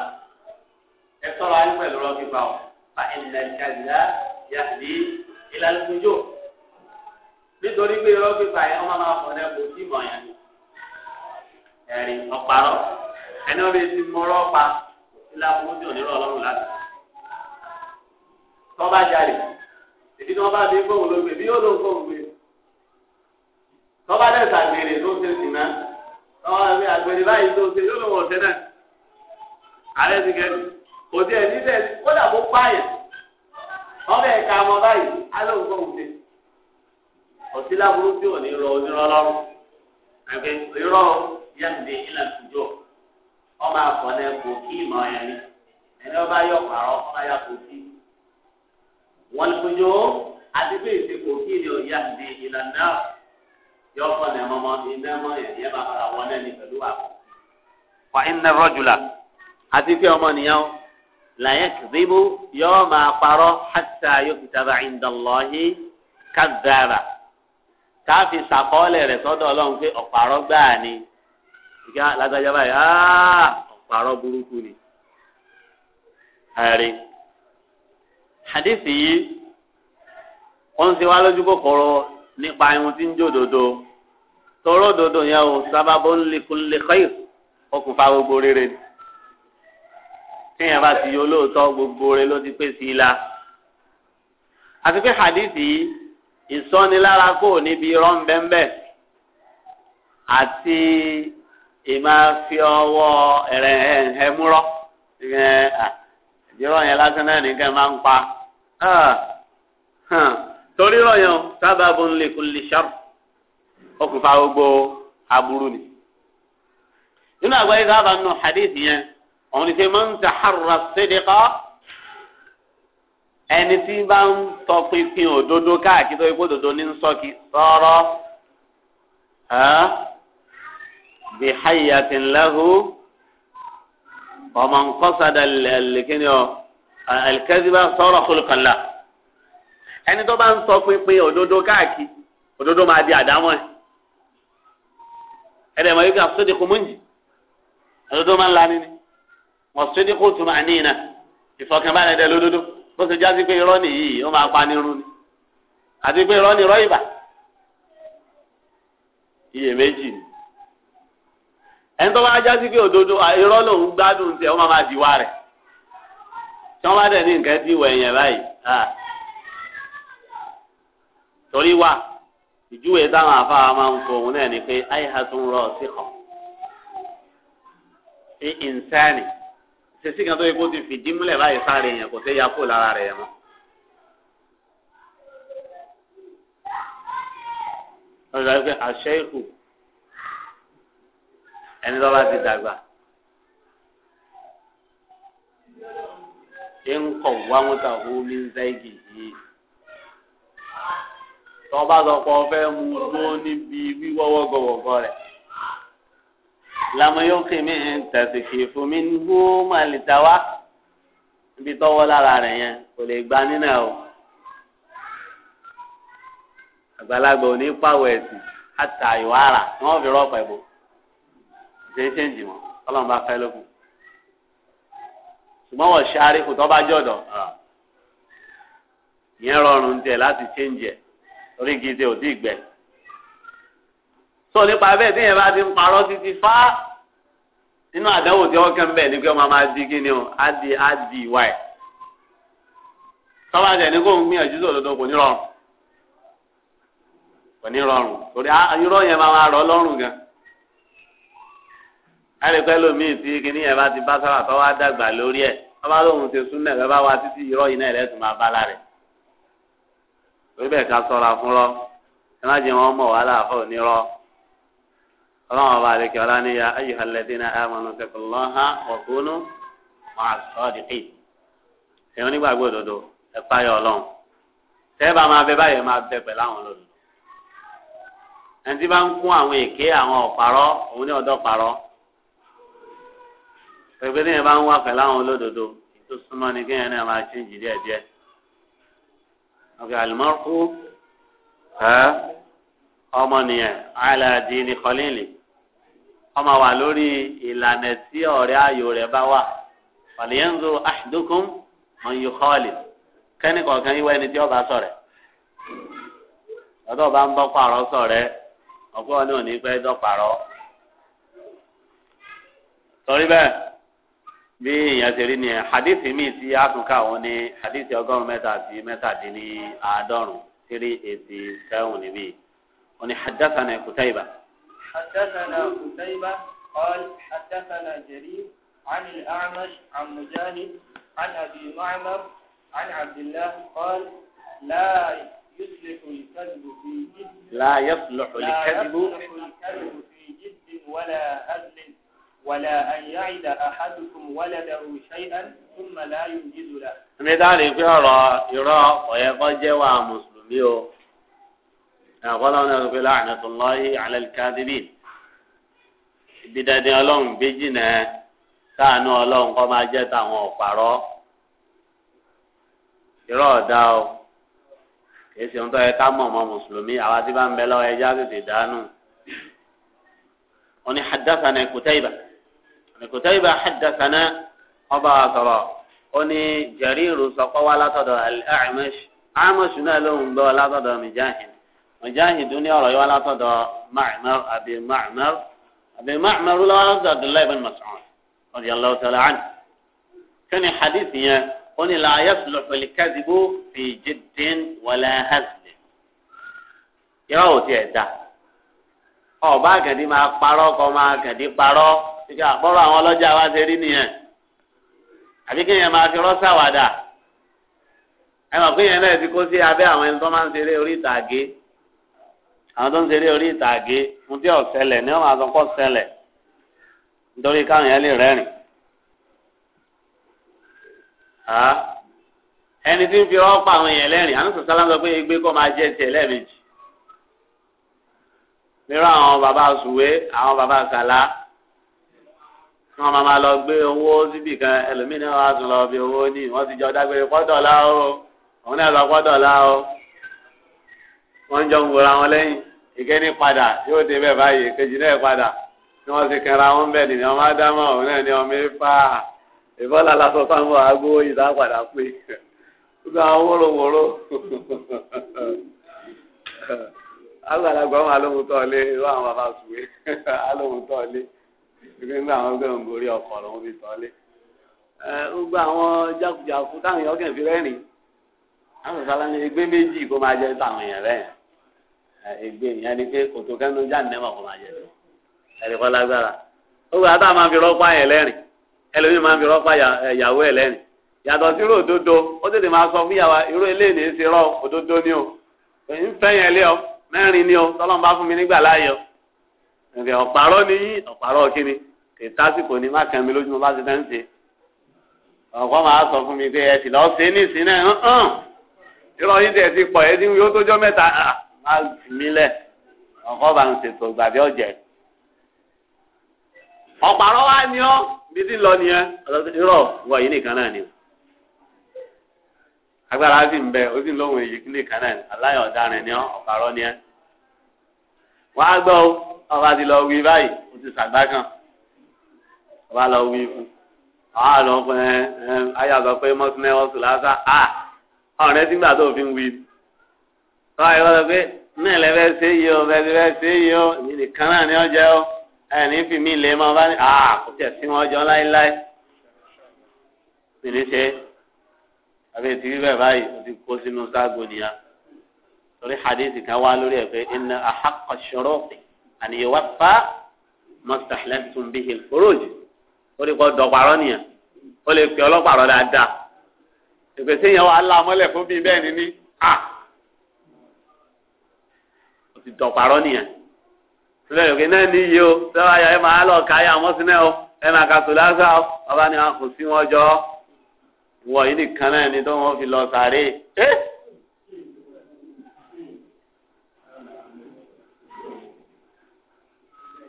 ẹ sọ̀rọ̀ ayé pẹ̀lú rọ́bì bá wọn. fa ìnà kàdùnà yàtì ìlànà ìjọ. nítorí pé rọ́bì bá yẹn wọ́n máa fọ̀ ẹ́ kò sí mọ̀ yẹn. ẹ̀rí ọ̀parọ̀ ẹni wọ́n bẹ ti mọ̀rọ̀ pa ìlànà ìjọ nírọ̀ ọlọ́run láti. tọ́ba jalè. èyí tó bá mi fóun ló gbé bí yóò ló fóun gbé tọ́ba dẹ̀ sàgbèrè tó ṣe sì náà tọ́ba mi àgbèrè báyìí tó ṣe yóò ló wọ̀ ọ̀sẹ̀ náà ààrẹ ti gẹ̀ kò tí níbẹ̀ ọbẹ̀ ẹ̀ka ọmọ báyìí fóun ọtí láburú tí ò ní rọ onírọ àgbẹ̀ yàǹdé ọmọ àfọ̀nẹ́ kò wọ́n gbójú àti bí ìsìnkú kí ni òye àti ìlànà yọ kọ́ ní ẹ̀mọ́mọ́ iná mọ́ ẹ̀yẹ́ bá fara wọn lẹ́ni pẹ̀lú àpò. wà á iná rọ́jùlá àti pé ọmọ nìyẹn làyẹn kìdìbò yọ máa parọ́ hàtà yóò fi tàbá ìdánlọ́hí kàdára káfí sàkọọ́lẹ̀ rẹ̀ sọ́dọ̀ ọlọ́run pé ọ̀pàrọ̀ gbáà ni ìgbà báyìí ọ̀pàrọ̀ burúkú ni hadith yìí wọ́n ti wá lójú kòkòrò nípa irun tí ń jó dodo tọrọ dodo yẹn o sábàbọ̀ ń lekun lekọ́yì okùnfà gbogbo rere ni téèyàn bá ti yọ olóòótọ́ gbogbo rere ló ti pè sí i la àti pé hadith yìí ìsọ́nilára kò níbi rọ́ńbẹ́ńbẹ́ àti ìmáfi ọwọ́ ẹ̀rẹ̀ ẹ̀hẹ́múrọ́ ìrọ̀ yẹn lásán náà nìkan máa ń pa. Ah, torí rọyàn sábàbù ńlẹkùnlé sharp okùnfà gbogbo aburú ni nínú àgbáyé sábà nù hadith yẹn òun ni ṣe máa ń tàhárà sídìkọ ẹni tí bá ń tọpinpin òdodo káàkiri tó ikú òdodo ní sọkì sọ̀rọ̀ ah, bí hayatin lahu ọmọ nǹkan sadà lẹ́lẹ́kẹ́ni ọ alikẹ́síbá sọ̀rọ̀ kọlùkọ̀lá ẹni tó bá ń sọ pínpín òdodo káàkiri òdodo máa di àdámọ́ ẹ̀ ẹ̀rẹ̀ mọ̀ yìí kà sódì kò múnjì òdodo máa ń lani ni wọ́n sódì kò tún máa ní iná ìfọ̀kànbalẹ̀ dẹ̀ lódodo bó ṣe jásí pé irọ́ nìyí ó máa pa ní irun ni àti pé irọ́ ni irọ́ ìbà iye méjì ni ẹni tó bá jásí pé òdodo irọ́ lòún gbádùn tiẹ̀ ó máa máa dìwà rẹ̀ tí wọ́n bá dẹ̀ ní nǹkan tí ìwọ̀ ẹ̀yẹ̀ báyìí torí wa ìjúwe táwọn afáwa máa ń fọ òun ni pé àyíká tó ń rọ sí kan ní ìnsáni ṣèṣì kan tó yẹ kó ti fìdí múlẹ̀ báyìí sáré yẹn kò sí ya kó lára rẹ̀ yẹn mọ́. wọ́n sọ pé àṣẹ ìkù ẹni tó bá ti dàgbà. ń kọ̀ wá wọn ta omi ń zẹ́gì yìí. tọ́ba mu dúró níbi wíwọ́wọ́ gọ̀wọ̀gọ̀ rẹ̀. lamoyókè mi ń tẹ̀sìkì fún mi ní gbó wá níbi tọ́wọ́ lára rẹ̀ yẹn kò lè gba nínà o. àgbàlagbà ò ní pàwọ̀ ẹ̀sìn àtàyọ̀ ara ni fi rọ́ọ̀pẹ̀ bò ṣe ń ṣe ń jì wọ́n bá fẹ́ lókun ṣùgbọ́n wọ́n ṣáré kò tọ́ bá jọ̀dọ̀ yẹn rọrùn tiẹ̀ láti ṣéǹjẹ̀ orí kìí ṣe òtí ìgbẹ́. sọ nípa bẹ́ẹ̀ tí yẹn bá ti ń parọ́ títí fá nínú àdánwò tí wọ́n kàn bẹ́ẹ̀ ni pé wọ́n máa di kí ni o á di á di ìwà ẹ̀. tọ́ba tẹ̀ ní kó ń gbìyànjú sòdodo kò ní rọrùn kò ní rọrùn torí irọ́ yẹn máa máa rọ lọ́rùn gan. á pẹ́ lómi tí kíní yẹn bá ti bá sábà tó wá dàgbà lórí ẹ̀ ọba lóhun ti sún náà bàbá wa títí irọ́ yìí náà rẹ̀ tún máa bá lára torí bẹ́ẹ̀ ká sọ̀rọ̀ àfúnrọ́ ẹ má jẹ́ wọn mọ̀ wàhálà àfọ̀ onírọ́ ọlọ́run ọba àlekè ọlá ní ya ayé alẹ́dín náà amọ̀nù tẹkùlọ́hà ọ̀kúnú máa ẹ̀yọ́ nígbàgbọ́ òdodo ẹ páyọ̀ ọlọ́run tẹ́ bá máa bẹ báyẹn máa bẹ pẹ̀lú àwọn olódodo ẹni bá ń kún àwọn èké àwọn ọ̀parọ́ òun ní ọ̀dọ́ pẹ̀lú yẹn bá ń wá pẹ̀lú àwọn olódodo tó súnmọ́ ni kéèyàn náà máa ṣe ń jì díẹ̀ díẹ̀. ọ̀gá àlùmọ́kú ọmọnìyàn aláàdì ní kọ́líìnì ọmọ wà lórí ìlànà tí ọ̀rẹ́ ayò rẹ̀ bá wà fàlíyẹ́nzó àṣìdókòm ọ̀nyí kọ́ọ̀lì kẹ́nìkọ̀ọ̀kan yíwá ẹni tí ọba sọ̀rẹ̀ ọ̀dọ́ ọba ń bọ́ pààrọ̀ sọ̀rẹ́ ọ̀pọ̀ ní òní pẹ́ dọ́ pààrọ̀ torí bẹ́ẹ̀ bí èèyàn ṣe rí ni ẹ hadithi míì tí a tún ká òun ni hadithi ọgọ́rùn-ún mẹ́ta àti mẹ́tàdínní àádọ́rùn-ún three eighty seven níbí òun ni haddathana Qutayba. haddathana Qutayba qal haddathana Jarir عن الأعمش عن مجاهد عن أبي معمر عن عبد الله قال لا يصلح الكذب في جد لا يصلح الكذب في جد ولا أذن ولا أن يعد أحدكم ولده شيئا ثم لا ينجز له. mi dáre pé ọ̀rọ̀ irọ́ ọ̀yẹ́ kọ́ jẹ́ wa mùsùlùmí o àkọ́lá wọn náà pé láàánú lọ́yìn alẹ́kádìrì ibi dandan ọlọ́run bíjì náà sáànù ọlọ́run kọ́ máa jẹ́ tàwọn ọ̀pàrọ̀ irọ́ ọ̀dá o kìí ṣe ohun tó ká mọ̀ mọ́ mùsùlùmí àwa tí bá ń bẹ lọ́wọ́ ẹja tètè dánù. wọn ni hadassah ní kùtẹ́ ìbàdàn. Qutayba haddathana ọba àtọ̀rọ̀ ó ní Jariru sọ̀kọ́ wá látọ̀dọ̀ Al-A'mash A'mash náà ló ń gbọ́ látọ̀dọ̀ Mujahid Mujahid ní ọ̀rọ̀ yìí wá látọ̀dọ̀ Ma'mar àbí Ma'mar àbí Ma'mar ló wá látọ̀dọ̀ Abdullahi bin Mas'ud radiyallahu ta'ala anhu kí ni hadith yẹn ó ní la yasluhu al-kadhibu fi jiddin wala hazl yọ̀ọ́ ò tiẹ̀ da ọba àgàdì máa parọ́ kọ́ máa àgàdì parọ́ ìgbà àpọ́rọ̀ àwọn ọlọ́jà wa ṣe rí nìyẹn àbí kéèyàn máa fi rọ́ṣà wàdà ẹ mọ̀ kéèyàn náà ti kó sí abẹ́ àwọn ẹni tó máa ń ṣeré orí ìtàgé àwọn tó ń ṣeré orí ìtàgé fún tí ọ̀sẹ̀lẹ̀ ni wọ́n máa sọ pọ̀ ṣẹlẹ̀ nítorí káwọn yẹn lè rẹ́rìn. ẹni tí ń fi ọ̀pọ̀ àwọn èèyàn lẹ́rìn àwọn sọ̀sálà ń sọ pé egbé kọ́ máa jẹ́ tiẹ̀ lẹ́ẹ̀mejì nírú àwọn bàbá sùwé àwọn bàbá sàlá kí wọ́n máa máa lọ gbé owó síbì kan ẹlòmíì náà wàá tún lọ bí owó ní wọ́n ti jọ dágbére pọ́dọ̀lá o òun náà lọ pọ́dọ̀lá o wọ́n ń jọ ń wòra wọn lẹ́yìn ìkẹ́ni padà yóò dé bẹ́ẹ̀ báyìí kejì náà padà ni wọ́n ti kẹra wọn bẹ́ẹ̀ nìyẹn ọmọ ádámọ̀ òun náà ni ọmọ ifá ìbọ́lá lásọ sáńbọ̀ àgbo ìdá padà pé gbogbo àwọn wòrowòro àgbàlagbà wọn alóhùn tọ́lé irú àwọn bàbá sùwé alóhùn tọ́lé. gbígbé ńgbà àwọn gbẹ̀rùn gorí ọkọ̀ lọ́wọ́ fi tọ́lé ẹ àwọn jákujàku táwọn èèyàn kàn fi rẹ́rìn àwọn sọ̀rọ̀ ní méjì kó máa jẹ táwọn èèyàn rẹ̀ ẹgbẹ́ ìyẹn ni pé kòtò kẹ́nu jáǹdẹ́mọ̀ kó máa jẹ tó lágbára máa fi rọ́pá yẹn lẹ́rìn ẹlòmíì máa fi rọ́pá ìyàwó ẹ̀ lẹ́rìn yàtọ̀ sí o ń fẹ́ yẹn lé ọ mẹ́rin ni o nke ọ̀pàrọ̀ ni ọ̀pàrọ̀ kíni kì í tásìkò ní mákàmí lójú mo bá ti dá ń ṣe ọ̀pọ̀ máa sọ fún mi pé ẹ náà hàn irọ́ yín tẹ̀ ti pọ̀ ẹ́ ní yóò tójọ́ mẹ́ta máa sì mí lẹ̀ ọ̀pọ̀ bá ń ṣètò ọ̀jẹ̀ ọ̀pàrọ̀ wa ni ọ́ bí ti lọ nìyẹn yìí nìkan náà ni o agbára sì bẹ sì nìkan náà aláyọ̀ ni ọ́ ọ̀pàrọ̀ ni ọba ti lọ wí báyìí mo ti sàgbá kan ọba lọ wí fún àwọn àlọ́ fún ẹ ẹ ayàgbọ́ pé mọ́tínẹ́ ọ̀sùn lásán à ọ̀rẹ́ tí gbà tó fi ń wí. tọ́ ẹ lọ́dọ̀ pé náà lẹ fẹ́ ṣe yìí o bẹ́ẹ̀ ti fẹ́ ṣe yìí o èmi nìkan náà ni ó jẹ́ o ẹni fi mí lé mọ́ bá ní à kò tẹ̀ sí wọn jọ láéláé. èmi ṣe àbí ti rí bẹ́ẹ̀ báyìí o ti kó sínú ságo nìyà torí hadith kan wá lórí ẹ̀ pé inna ahaqqa àní yóò wá fa mọ́sítàlẹ́ tún bí ìfòròjì ó lè kọ́ dọ̀pàrọ̀ nìyẹn ó lè pè ọlọ́pàrọ̀ yẹn wà á la fún bíi bẹ́ẹ̀ ni ní à ti dọ̀pàrọ̀ nìyẹn sílẹ̀ yòókè náà o sẹ́wọ́n ayọ̀ ẹ máa lọ o ẹ máa ka sùn lásán o ni wọn kò sí wọn jọ wọ̀nyí nìkan náà ni tó wọn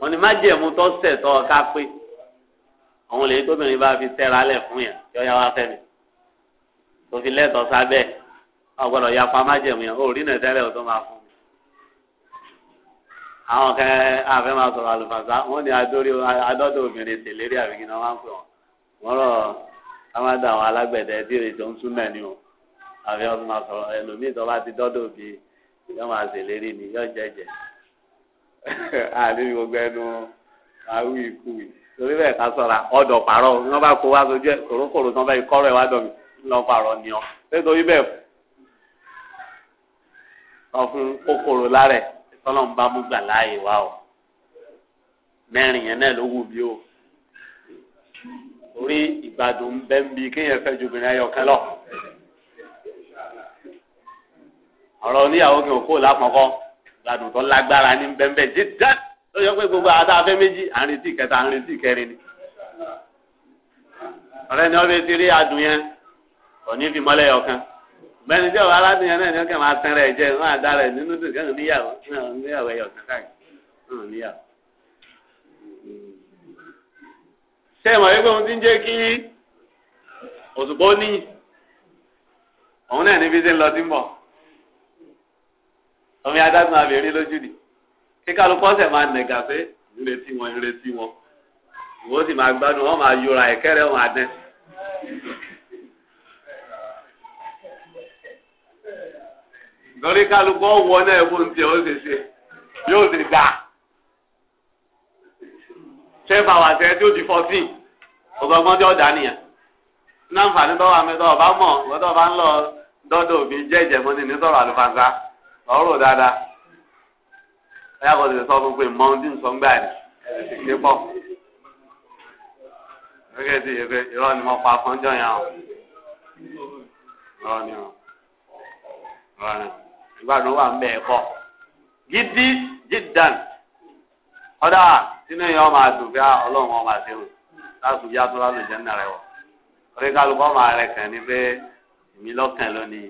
wọn ni májẹ̀mú tó sẹ̀ tó ká pé àwọn lèyí tóbìnrin bá fi tẹ́ra lẹ̀ fún yẹn yọ ya wá fẹ́mi tó fi lẹ́tọ̀ sábẹ́ wọn gbọ́dọ̀ ya pa májẹ̀mú yẹn ó rí nà tẹ́lẹ̀ ó tó máa fún mi. àwọn kẹ àfẹ́ máa sọ̀rọ̀ àlùfàṣà wọn ni adọ́dọ̀ obìnrin tèlérí àbíkí náà máa ń pè wọn wọn rọ amadu àwọn alágbẹ̀dẹ tí èyí tó ń sún náà o àfẹ́ wọn máa sọ̀rọ̀ ẹlòmíì tó bá ti dọ́dọ̀ bíi yọ máa ṣèlérí ni yọ jẹjẹ àní ah, gbogbo ẹnu máa wí ikú mi torí bẹ́ẹ̀ ká sọ̀ra ọ̀dọ̀ pàrọ̀ wọn bá kó wá sojú ẹ̀ kòrókòrò tí wọ́n bá yí kọ́rọ̀ ẹ̀ wá dọ̀ mí ńlọ pàrọ̀ ni ọ nítorí bẹ́ẹ̀ sọ fún kòkòrò lárẹ̀ tọ́lọ́n bá mú gbà láàyè wá o mẹ́rin yẹn náà ló wù bí o orí ìgbádùn ń bẹ́ ń bi kéèyàn fẹ́ ju obìnrin ayọ̀kẹ́ lọ ọ̀rọ̀ oníyàwó kí n kó lápọ̀kọ́ gbádùn tó lágbára ní bẹ́ẹ̀ jí dán tó yọ pé gbogbo àwọn afẹ́ méjì à ń retí kẹta à ń retí kẹrin ni. ọ̀rẹ́ ni wọ́n fi ti rí adùn yẹn kò ní fi mọ́lẹ̀ ọ̀kan bẹ́ẹ̀ni tí ọ̀rọ̀ aládùn yẹn náà ni wọ́n kẹ́ máa tẹ́rẹ̀ jẹ́ wọ́n á dára nínú tó kẹ́hìn níyàwó níyàwó ẹ̀yọ̀ kankan níyàwó. ṣé ìmọ̀ wípé òun ti ń jẹ́ kí òṣùpá ó níyì òun náà níbi tí ń omi adágún abèrè lójú ni kíkàlù pọ́sẹ̀ máa nẹ̀gà pé ìrètí wọn ìrètí wọn ìwọ́n sì máa gbádùn wọn máa yọra ẹ̀kẹ́rẹ́ wọn adẹ́. lórí kálukú ọ̀wọ́ náà ẹ̀wọ́ ń tiẹ̀ ó ṣe ṣe yóò ṣe dà ṣé bàwà tẹ tí ó di fourteen ọgbọgbọn tí ó dà nìyẹn náà nfààní tọ́wọ́ àmì tọ́wọ́ bá mọ̀ ọ̀gbọ́n tọ́wọ́ bá ń lọ dọ́dọ̀ òbí jẹ́ ìjẹ̀mọ́ni nítorọ̀ àlùfáàsá. lọ́rọ̀ dáadáa ẹ̀yà kò sì sọ fún pé mountain sọ́ngbà ni èké pọ̀ gẹ́gẹ́ sí ìyẹ́fẹ́ irọ́ ni wọ́n pa fọ́njọ́ yẹn o irọ́ ni o ni wà ń bẹ̀ kọ́ gidi jidan ọ̀dà sínú yẹn ọmọ ah, ọlọ́run ọmọ láti wọ̀ pé èmi lọ́kàn lónìí.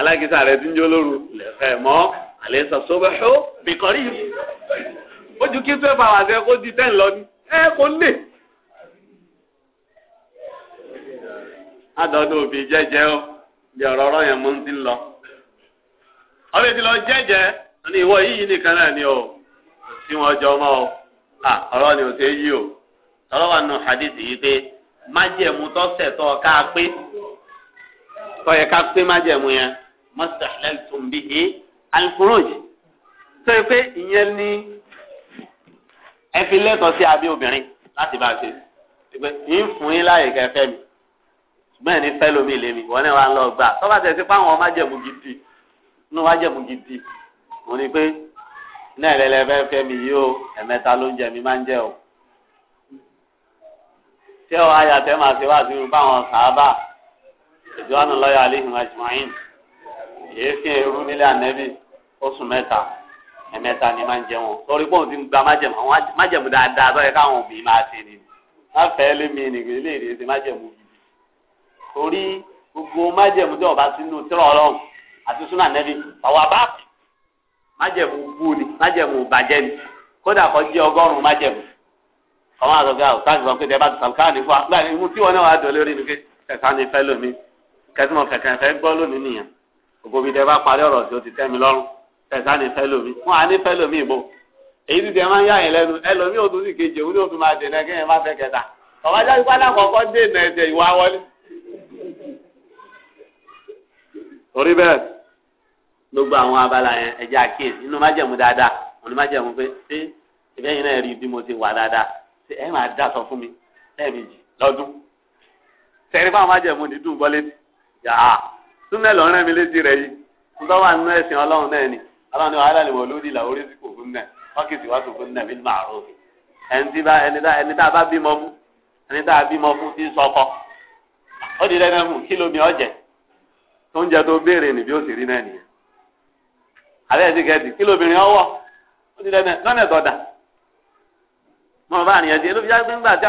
alákìsà rẹ̀ ti ń jó lóru lẹ́fẹ̀ mọ́ àlẹ́ sọ sọ́bẹ̀ ṣó bìkọ́rí yìí ó ju kí twelve hours ẹ kó di ten lọ ni ẹ kò lè. adọ́dún òbí jẹ́jẹ́ ó bí ọ̀rọ̀ ọ̀rọ̀ yẹn mú ti ń lọ. ọbẹ̀ ti lọ jẹ́jẹ́ ní ìwọ yìí nìkan náà ni o tí wọ́n jọ mọ́ o ọ̀rọ̀ ni ò ṣe yí o ọ̀rọ̀ wà nù hadith yìí pé májẹ̀mú tọ́sẹ̀ tọ́ ká pé tọ́yẹ ká pé májẹ̀mú yẹn mastahlaltum bihi al-furuj tó yẹ pé ìyẹn ní ẹ fi lẹ́tọ̀ọ́ sí abẹ́ obìnrin láti bá a ṣe pé ń fún yín láàyè kẹfẹ́ mi ṣùgbọ́n ẹni fẹ́ lómi lèmi wọ́n ní wa ń lọ gbà tọ́ba tẹ̀sí pé àwọn ọmọ jẹ̀mú gidi inú wa jẹ̀mú gidi òun ni pé iná ìrẹ̀lẹ̀ fẹ́ fẹ́ mi yìí o ẹ̀mẹ́ta ló ń jẹ mi máa ń jẹ o tí ọ̀ ayàtẹ̀ máa ṣe wá sí irú báwọn sàábà ìjọ́nù lọ́yọ̀ àlehùn àjùmáyìn èéfín eru nílé ànẹ́bí oṣù mẹ́ta ẹ̀mẹ́ta ni máa ń jẹ wọn lórí pọ́ùn ti ń gba májẹ̀mú àwọn májẹ̀mú dáadáa lọ́yẹ káwọn òbí máa ṣe ni láfẹ́ lémi nìgbè lè rí ẹsẹ̀ májẹ̀mú bíi torí gbogbo májẹ̀mú tí ọba ti nù tírọ̀ ọlọ́run àti súnà ànẹ́bí àwọn àbá májẹ̀mú bú ni májẹ̀mú bàjẹ́ ni kódà kọ́ jẹ́ ọgọ́rùn-ún májẹ̀mú ọmọ àgọ́gá ọ̀tá ni pé gbogbo bíi dẹ́gbà parí ọ̀rọ̀ tí ó ti tẹ́ mi lọ́rùn tẹ̀sán ní fẹ́lómi wọn à ní fẹ́lómi ìbò èyí ti tẹ̀ máa ń yá yẹn lẹ́nu ẹlòmíì ò tún sì kejì òun ní òfin máa dènà kéèyàn má fẹ́ kẹta ọ̀gá jáde pátá kọ̀ọ̀kan dènà ẹ̀jẹ̀ ìwà wọlé. torí bẹ́ẹ̀ gbogbo àwọn abala yẹn ẹ̀jẹ̀ àkíyèsí inú májẹ̀mú dáadáa òun ni májẹ̀mú pé ṣé ìfẹ́ yìí náà rí bí mo ti wà dáadáa ṣé ẹ máa dá sọ fún mi lẹ́ẹ̀mejì lọ́dún. sẹ́rí fáwọn májẹ̀mú dídùn súnmẹ́ lọ rán mi létí rẹ yìí nítorí wà nínú ẹ̀sìn ọlọ́run náà ni ọlọ́run ni wàhálà ni wọ́n lórí ìlà orí kò fún náà wákìtì wá kò fún náà bíi màá rò ẹni tá a bá bímọ fún ẹni tá a bímọ fún ti sọkọ ó di fún ọjẹ tó ń jẹ tó béèrè níbi ó sì rí náà nìyẹn ọwọ́ ó di lọ́nà mọ̀ bá àníyànjú gbẹ́ngbà tí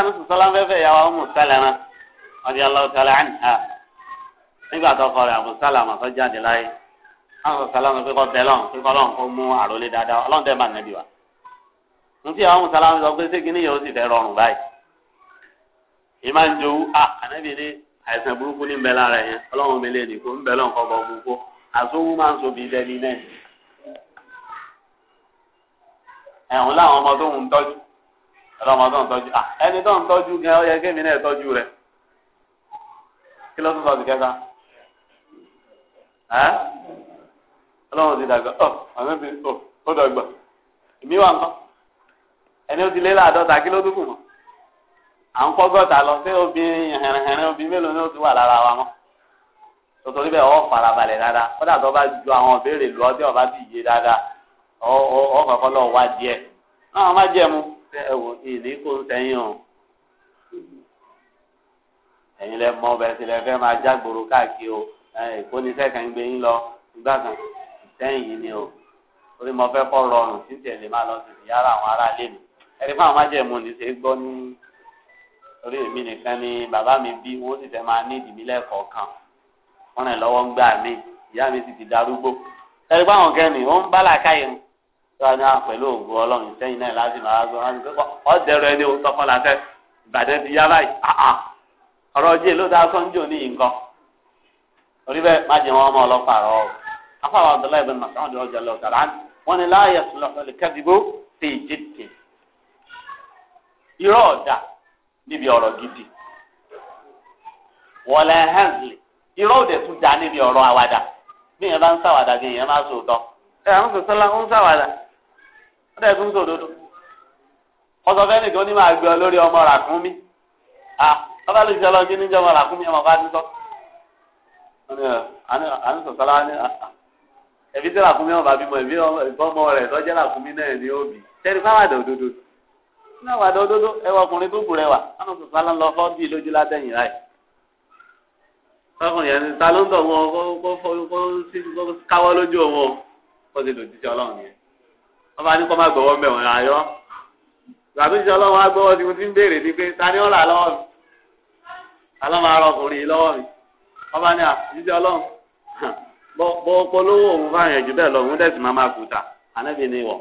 nígbà tó kọ rẹ̀ àbùsálàmù tó jáde láyé àwọn sàlámù pé kọ́ bẹ́ẹ̀ lọ́n pé kọ́ lọ́n kó mú àròlé dáadáa ọlọ́run tẹ́ máa nẹ́bí wa. n tí àwọn sàlámù sọ pé ségi níyàwó sì fẹ́ rọrùn báyìí. ìmá ń jowú à ànábì ní àìsàn burúkú ní nbẹ lára yẹn ọlọ́run mi lè ní kó nbẹ lọ́n kọ́ bọ́ gbogbo àsówú máa ń so bí bẹ́ẹ̀ ní náà. ẹ̀hún láwọn ọmọ tó ń tọ́jú ọlọ́mọ tó ń tọ́jú ẹni tó ń tọ́jú gan ó yẹ kémi náà tọ́jú rẹ̀ kí ló tún sọ ọlọ́run ti dàgbà ọ àwọn ẹbí ọ ó dàgbà èmi wà nǹkan ẹni ó ti lé láàdọ́ta kí ló dúkù mọ́ à ń kọ́ gọ́ta lọ sí obìnrin obìnrin mélòó ni ó ti wà lára wa mọ́ tòtò níbẹ̀ ọ̀ farabalẹ̀ dáadáa kódà tó bá ju àwọn béèrè lọ tí ọba yé dáadáa kọ̀ọ̀kan lọ wá díẹ̀ náà má mu ẹ wò kò ń o ẹ̀yin lẹ mọ bẹ́ẹ̀ sì lẹ fẹ́ máa káàkiri o. ìkónisẹ́ kan gbé yín lọ ìgbà kan sẹ́yìn yìí ni o orí mo fẹ́ kọ́ rọrùn tí tẹ̀ lè máa lọ sí ìyára àwọn ará ilé mi ẹni fún àwọn májẹ̀mú ni ṣe gbọ́ ní orí èmi nìkan ni bàbá mi bí wọ́n sì fẹ́ máa ní ìdìmí lẹ́ẹ̀kọ̀ọ̀kan wọ́n rìn lọ́wọ́ ń gbà mí ìyá mi sì ti darúgbó ẹni fún àwọn kẹ́ni ó ń bá làákàyè mu tí wọ́n á pẹ̀lú òògùn ọlọ́run sẹ́yìn náà láti máa gbọ́ wọn pé ọ dẹrọ ẹni o sọ fún la fẹ́ ìbàdàn ti yá báyìí ọ̀rọ̀ ọjọ́ èlò tá a sọ ń torí bẹ́ẹ̀ má jẹ́ wọn ọmọ ọlọ́pàá rọ ọ́ afáwọn abdullahi bin masoud ọjà lọ sàrà wọn ni láàyè sọlọ́fẹ́lì kẹ́dìbò ṣe ìjẹ́dìde irọ́ ọ̀dà níbi ọ̀rọ̀ gidi wọlé hẹ́ńsìlì irọ́ òde tún da níbi ọ̀rọ̀ àwàdà bí yẹn bá ń sàwàdà gẹ̀ yẹn máa sòótọ́ ẹ̀ àwọn sòsọ́ la ń sàwàdà ó dẹ̀ tún sòdodo ọsọ fẹ́ nìkan ní máa gbé ọ lórí ọmọ ràkúnmí ah ọba lè ṣe ọlọ́gbìn níjọ́ ọmọ ràkúnmí ọmọ bá ti sọ́ àní sọ̀sọ́lá ní ẹbí tí làkúnmí ọba bímọ ẹbí ọmọ rẹ̀ tọ́jẹ́ làkúnmí náà ní òbí tẹ́lifí fáwọn àdà òdodo ní àwọn àdà òdodo ẹwà ọkùnrin tó bùrẹ̀ wà àní sọ̀sọ́lá ń lọ fọ́ bí lójú látẹ̀yìn láì. tọkùnrin yẹn ta ló ń tọ̀ wọn kó káwọ́ lójú wọn kó ti lòdì sí ọlọ́run yẹn wọ́n bá ní kó má gbọ́wọ́ mẹ́ wọn ayọ́ gbàdúgbò ọlọ́run á gbọ́wọ́ tí mo ti ń béèrè ni pé ta ni ó rà lọ́wọ́ mi ta ló máa rọ ọkùnrin yìí lọ́wọ́ mi. ọba ní ọlọ́run bọ́ polówó òun fáyẹn jù bẹ́ẹ̀ lọ òun dẹ̀ sì máa máa kúta ànábì ni wọ̀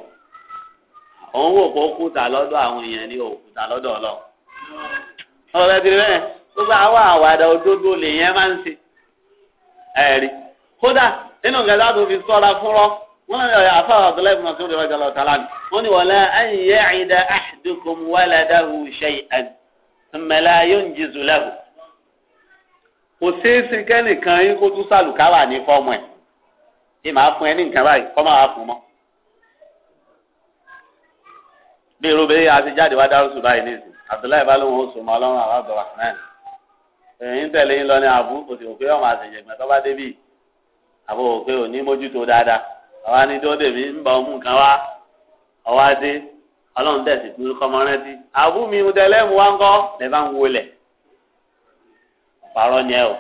òun wò kó kúta lọ́dọ̀ àwọn èèyàn lọ́dọ̀ ọlọ́run. ti àwàdà òdodo lèèyàn máa ń ẹ̀rí kódà nínú nǹkan tó fi sọ́ra fúnrọ́ ní wọlé ń kò ṣeéṣe kẹ́nìkan yín kó tún sàlùkárà ní fọ́ọ̀mù ẹ̀ ṣé màá fún ẹ ní nǹkan báyìí kọ́ máa fún mọ́. bí irú bẹ́ẹ̀ a ti jáde wá dárúsù báyìí nìyí Abdullahi balùwọ̀n oṣù mọ́ ọlọ́run àwọn abdulrahman èyí ń tẹ̀lé yín lọ ní àbú kò sì rò ọmọ àṣẹjẹ ìgbà tó bá débì àbò rò òní mójútó dáadáa àwa ní tó dèmí ń bá ọmú nǹkan wá ọwá dé ọlọ́run tẹ̀sí fún kọ́mọ ọ̀pàrọ̀ ni o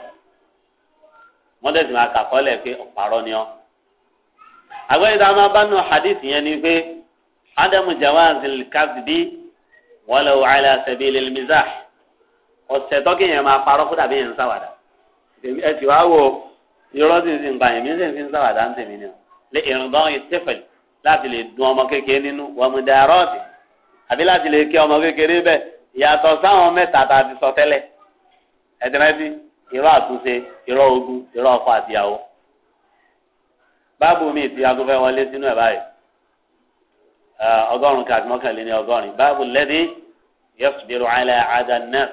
wọ́n dẹ̀ máa kàkọ́lẹ̀ pé ọ̀pàrọ̀ ni ọ. àgbẹ̀yìn tá a máa bá nù hadith yẹn ni pé ádámù jawazil kadhibi walau ala sabilil mizah ọ̀sẹ̀ tọ́kì yẹn máa parọ́ yẹn ń sáwàdà ẹ wo sì ń sin nǹkan yẹn o lè láti lè dun ọmọ kékeré nínú àbí láti lè ọmọ kékeré bẹ́ẹ̀ yàtọ̀ sáwọn mẹ́ta ẹ̀dẹ́rẹ́bí irọ́ àtúnṣe irọ́ ogun irọ́ ọkọ àtìyàwó báàbù mi ti aago fẹ́ wọlé sínú ẹ̀ báyìí ọgọ́rùn-ún kàti mọ́kànléní ọgọ́rin báàbù lẹ́dí yẹ́sùbẹ̀rù àìlẹ̀ àdá náà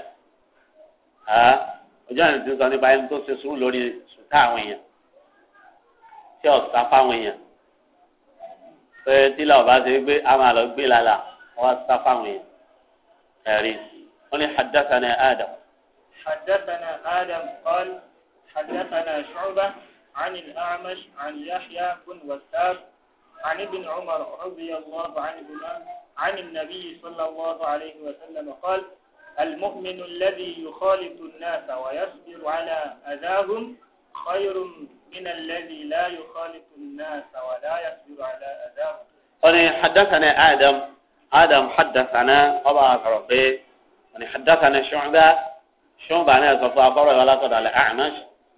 ojú àná ti sọ nípa ẹni tó ṣe sùúrù lórí sùtá àwọn èèyàn tí ọ̀sá fáwọn èèyàn pé tílà ọba ṣe gbé a lọ gbé lálà wọ́n sá fáwọn èèyàn ẹ̀rí wọ́n ní hadassah ní حدثنا آدم قال حدثنا شعبة عن الأعمش عن يحيى بن وساب عن ابن عمر رضي الله عنهما عن النبي صلى الله عليه وسلم قال المؤمن الذي يخالط الناس ويصبر على أذاهم خير من الذي لا يخالط الناس ولا يصبر على أذاهم قال حدثنا آدم آدم حدثنا طبعا ربي حدثنا شعبة ṣọ́ọ̀bà náà sọ fún akọ́rọ̀ ìwà látọ̀dọ̀ alẹ́ àmọ́ṣ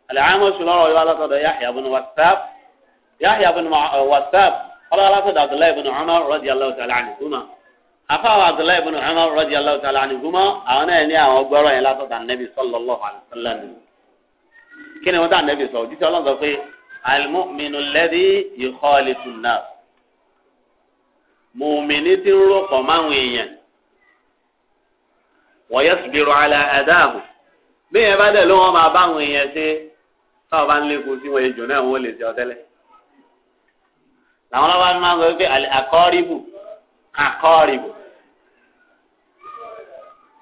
alẹ́ àmọ́ṣ lọ́rọ̀ ìwà látọ̀dọ̀ yahya bin wasap yahya bin uh, wasap ọlọ́wà látọ̀dọ̀ abdullahi bin umar radiyallahu ta'ala anhuma afáwọ̀ abdullahi bin umar radiyallahu ta'ala anhuma àwọn náà ní àwọn gbọ́rọ̀ yẹn látọ̀dọ̀ anabi sallallahu alayhi wa sallam kí ni wọ́n dá anabi sọ òjíṣẹ́ ọlọ́run sọ pé alimu'minu lẹ́dí yukhalifu an-nas mùmìnì ti ń rò pọ̀ máwọn èèyàn wọ́n yẹ bí yẹn bá dẹ̀ ló wọn máa bá àwọn èèyàn ṣe táwọn bá ń lékun sí wọn ejò náà wọn ò lè ṣe ọtẹ́lẹ̀ làwọn lọ́wọ́ máa ń sọ pé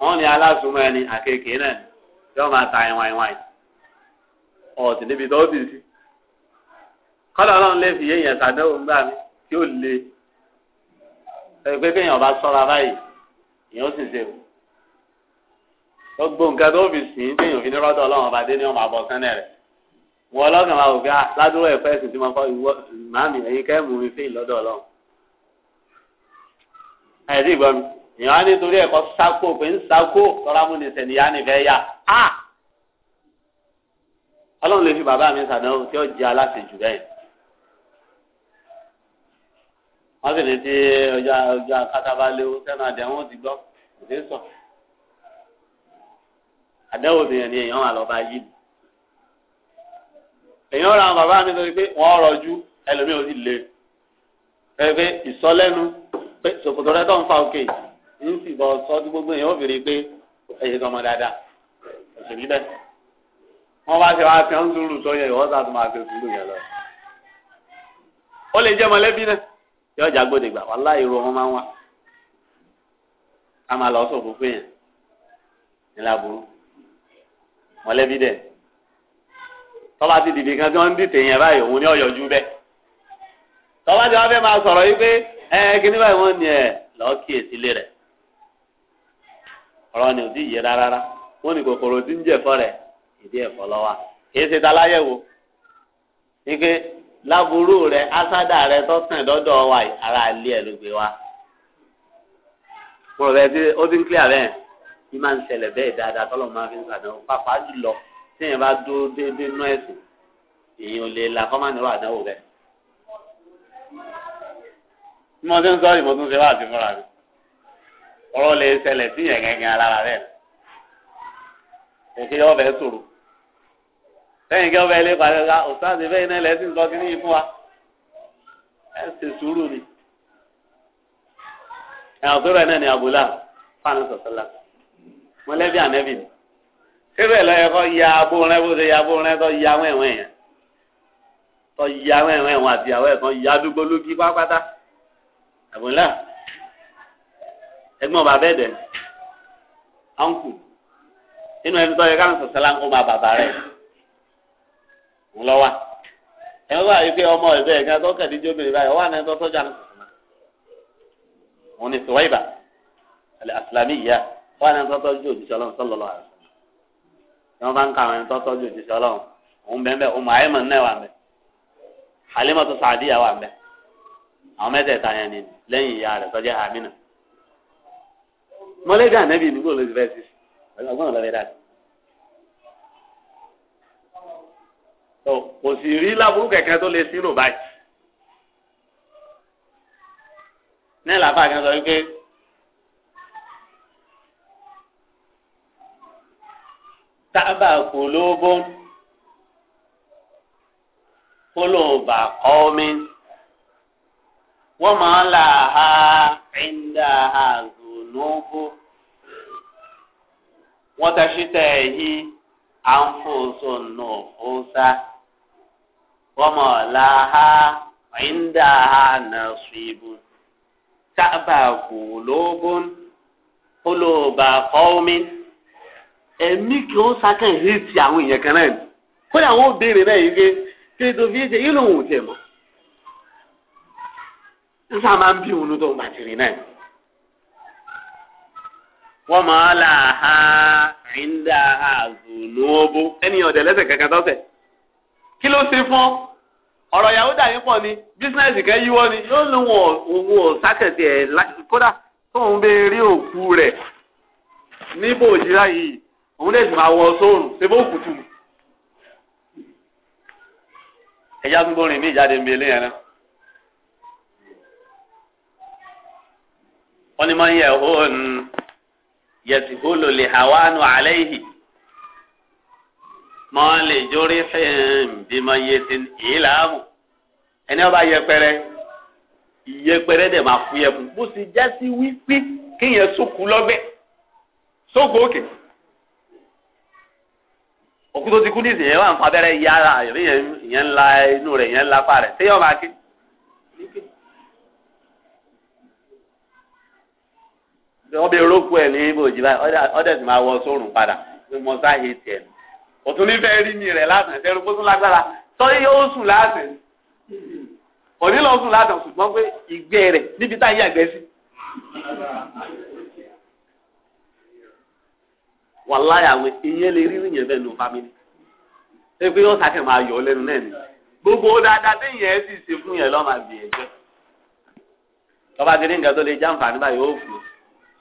wọn ni aláṣùmọ̀ ẹni àkekè náà máa ta ìwọ̀n ìwọ̀n yìí ọ̀sìn níbi tó ti sí kọ́dà náà lè fi yéèyàn sàdéhùn gbà mí tí ó le pé kéèyàn bá sọ́ra báyìí ó o. gbogbo nǹkan tó fi sìn ín téèyàn fi ní rọ́dọ̀ ọlọ́run ọba dé ní ọmọ àbọ̀ sánẹ̀ rẹ̀ wọn ọlọ́kàn máa wò pé ah, ládùúgbò ẹ̀kọ́ ẹ̀sìn tí mo kọ́ ìwọ màámi ẹ̀yin kẹ́ mi fíìn lọ́dọ̀ ọlọ́run. ẹ̀sìn ìgbọ́ mi ìyàn á nítorí ẹ̀kọ́ sákò pé ń sákò tọ́lá mú ni sẹ̀niyá ni fẹ́ yà ah! ọlọ́run lè fi bàbá mi sàdánwò tí ó jẹ́ aláṣejù bẹ́ẹ̀. wọ́n sì ní tí ọjà ọjà kátábá léwu sẹ́nu àdéhùn ti gbọ́ kò àdáwò èèyàn ni èèyàn wà lọ́ba yìí ni èèyàn ra àwọn bàbá mi lórí pé wọ́n rọjú ẹlòmíì ò sì le pé pé ìsọlẹ́nu pé ṣòkòtò rẹ tó ń fa òkè ń sì bọ sọ tí gbogbo èèyàn ó fi rí i pé ẹ̀yẹ kan mọ dáadáa òṣèlú bẹ́ẹ̀ wọ́n bá ṣe wá fi hàn sùúrù tó yẹ ìwọ́n sàtúmọ̀ àti sùúrù yẹn lọ. ó lè jẹ́ mọ̀lẹ́bí náà yóò gbòdè gbà wàhálà ìró wọn máa ń wà á máa lọ sọ fún pé yẹn ní láburú. mọ̀lẹ́bí dẹ̀ ti dìde kan tí wọ́n ń dìtẹ̀ yẹn báyìí òun ni ọ̀yọ́jú bẹ tọba ti wá fẹ́ máa sọ̀rọ̀ yìí pé ẹ kíní báyìí ẹ lọ́ọ́ kí èsì lé ni ò rárá ní kòkòrò tí ń jẹ̀fọ́ rẹ ìdí kìí ṣe wa ara ló gbé wa. mo ó ti ní máa ń ṣẹlẹ̀ bẹ́ẹ̀ dáadáa tọ́lọ̀ máa fi ń sàdánwò pàpà jùlọ téèyàn bá dúró déédéé nú ẹ̀sìn èèyàn ò lè la kọ́ máa ní wàá dánwò bẹ́ẹ̀. bí mo ti ń sọ ìmọ̀ tó ń ṣe wá àti fúnra mi ọ̀rọ̀ lè ṣẹlẹ̀ sí yẹn gẹ́gẹ́ alára rẹ̀ èké ọbẹ̀ sòrò sẹ́yìn kí ọbẹ̀ ilé padà ká bẹ́ẹ̀ náà lẹ́sìn sọ kí ní fún wa ẹ̀ mọ̀lẹ́bí ànẹ́bí ni síbẹ̀ lọ́yẹ kọ́ ya abó rẹ bó ṣe ya abó rẹ tó ya wẹ̀wẹ̀ yẹn tó ya wẹ̀wẹ̀ wọn àti ìyàwó ẹ̀ tó ya dúgbò lókì pápátá àbúlá ẹgbọ́n bàbá ẹ̀dẹ̀ ọ̀nkù inú ẹni tó yẹ ká ń sọ̀sẹ́ láńkó máa bàbá rẹ̀ ńlọ́wà ẹ wá yìí pé ọmọ ẹ̀bẹ̀ ẹ̀gá tó kẹ̀díjọ́ obìnrin báyìí ọwọ́ àná ẹni tó tọ́jà náà òun ni sùwáìbà àlẹ́ àsìlámì yìí yá wọn ní ẹnitọ́ tọ́jú òjíṣẹ́ ọlọ́run sọ́lọ́ lọ́wọ́ àrùn ni wọ́n bá ń ka àwọn ẹnitọ́ tọ́jú òjíṣẹ́ ọlọ́run òun bẹ́ẹ̀ bẹ́ẹ̀ òun àyẹ̀mọ̀ náà wà bẹ́ẹ̀ Halimatu Sa'diya wà bẹ́ẹ̀ àwọn mẹ́tẹ̀ẹ̀ta yẹn ni lẹ́yìn ìyá rẹ̀ tọ́jú Amina mọ́lẹ́dẹ́ ànẹ́bí nígbò ló ti fẹ́ sí ọgbọ́n lọ́wọ́ tábà kò lóbó kólóòbà kọ́ọ́mí wọ́n máa ń là á ẹ̀ńdà àzùnúbó wọ́n ta ṣíṣẹ́ èyí à ń fòso wọ́n máa là á ẹ̀ńdà ànàṣìbò tábà kò lóbó kólóòbà ẹ̀mí kí ó sákàn yìí ti àwọn èèyàn kan náà ni wọn ò béèrè náà yìí pé kí ló fi ṣe ìlú òun tiẹ̀ mọ́ ń sá máa ń bí òun tó ń bàtìrì náà wọ́n máa là á ẹni ọ̀dẹ̀ lẹ́sẹ̀ kankan tọ́sẹ̀ kí ló ṣe fún ni kan yíwọ́ ni yóò lóun òun ò ẹ̀ kódà tóun bẹ rí òkú rẹ̀ òun lè sì máa wọ sóòrùn ṣe bó kùtù ẹjá tún bórin ní ìjáde ń bi eléyàn náà wọn ni máa ń yẹ òun yẹtì kó lò lè hàwánu àlẹ́ yìí máa lè jórí fẹ́ẹ̀m bí máa yẹ ti ìlàmù ẹni ọba yẹpẹrẹ ìyẹpẹrẹ dẹ̀ máa fún yẹ fún bó sì já sí wípé kéèyàn sókù lọ́gbẹ́ sókù òkè. Okay òkú tó ti kú nísìnyí yẹn wà ń fa abẹ́rẹ́ yára ìyẹn ńlá inú rẹ̀ ìyẹn ńlá pa rẹ̀ ṣé yọ̀ máa ké. wọ́n bẹ rókù ẹ̀ ní ibòjì báyìí ọ̀dẹ̀ sì máa wọ sórùn padà pé mo sá he tiẹ̀ nù. òtún nífẹ̀ẹ́ rí mi rẹ̀ lásán ẹ̀rù kó tún lágbára tọ́yí yóò sùn lásán òní lọ sùn lásán ṣùgbọ́n pé ìgbẹ́ rẹ̀ níbi táyé àgbẹ̀ sí wàláyà àwọn ìyẹn lè rí ìyẹn bẹ́ẹ̀ nù fámìlì ṣé pé yóò sàkẹ́ máa yọ̀ ọ́ lẹ́nu náà ni gbogbo dáadáa téèyàn ẹ sì ṣe fún yẹn lọ́ọ́ máa bì ẹ̀ jẹ́ tọ́ba ti ní nǹkan tó lè jàǹfààní báyìí ó fò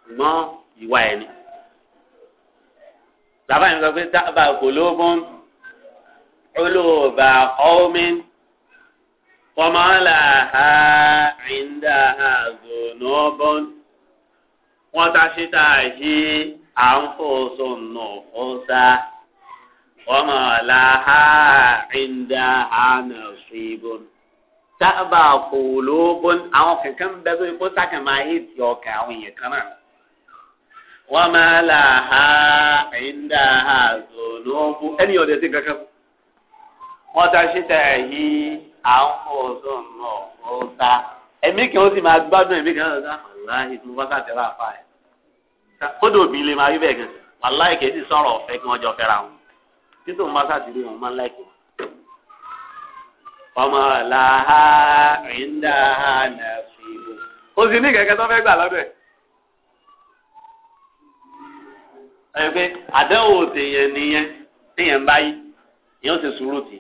ṣùgbọ́n ìwà ẹ̀ ni bàbá mi sọ pé tábà kò lóògùn olóòbà ọ́ọ́mí kọ́mọ́lá ha ìndà ha wọ́n ta ṣe tá a ṣe أنفس نفوسا وما لها عندها نصيب تأبى قلوب أو كم بدو يقول ما هي يوكا وين كمان وما لها عندها ذنوب أن يودي كم وتشتهي أنفس نفوسا ẹ̀mí kan ó sì máa gbádùn ẹ̀mí kan ó sì máa láàyè tó bá sàtẹ́rà fáyà kódà obìnrin lè máa rí bẹ́ẹ̀ gan wàláì kẹ́sì sọ̀rọ̀ ọ̀fẹ́ kí wọ́n jọ fẹ́ra wọn títí òun bá sàtìrí wọn máa ń láìpẹ́ wọn. ọmọ làhá ìndà hànà fìbò. o sì ní kẹ̀kẹ́ tó fẹ́ gbà lọ́dọ̀ ẹ̀. ẹ pé àdéhùn tèèyàn nìyẹn téèyàn bá yí ìyẹn ó sì sùúrù tì.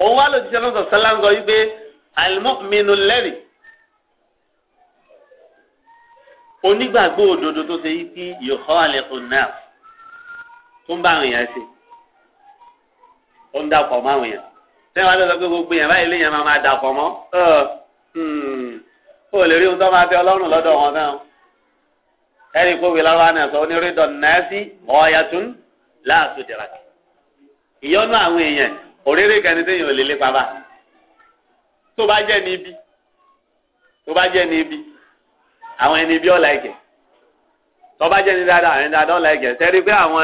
òun wá lòdì sẹ́lọ́sọ̀ sẹ́lá ń sọ yí pé àlùmọ́ọ̀mìnú lẹ́rìí. onígbàgbọ́ òdodo tó ṣe yí kí yòókọ́ àlẹ́ kò náà tó ń bá àwọn èèyàn ṣe ó ń dàpọ̀ mọ́ àwọn èèyàn sẹ́wọ́n á lọ sọ pé gbogbo èèyàn báyìí léèyàn máa máa dàpọ̀ mọ́ ó hmm, lè rí ohun tó máa fẹ́ ọlọ́run lọ́dọ̀ wọn náà ẹ̀rí kówé lára náà sọ onírídọ̀ nàásì ọ̀ọ́yàtún láàtú dìrakì ìyọ́nú àwọn èèyàn òréré kẹni téèyàn ò lè lépa bá tó bá jẹ́ ní ibi tó bá jẹ́ ní ibi àwọn ẹni bí ọ̀la ẹ̀kẹ́ tọ́ba jẹ́ ní dáadáa àwọn ẹni dáadáa ọ̀la ẹ̀kẹ́ sẹ́rí pé àwọn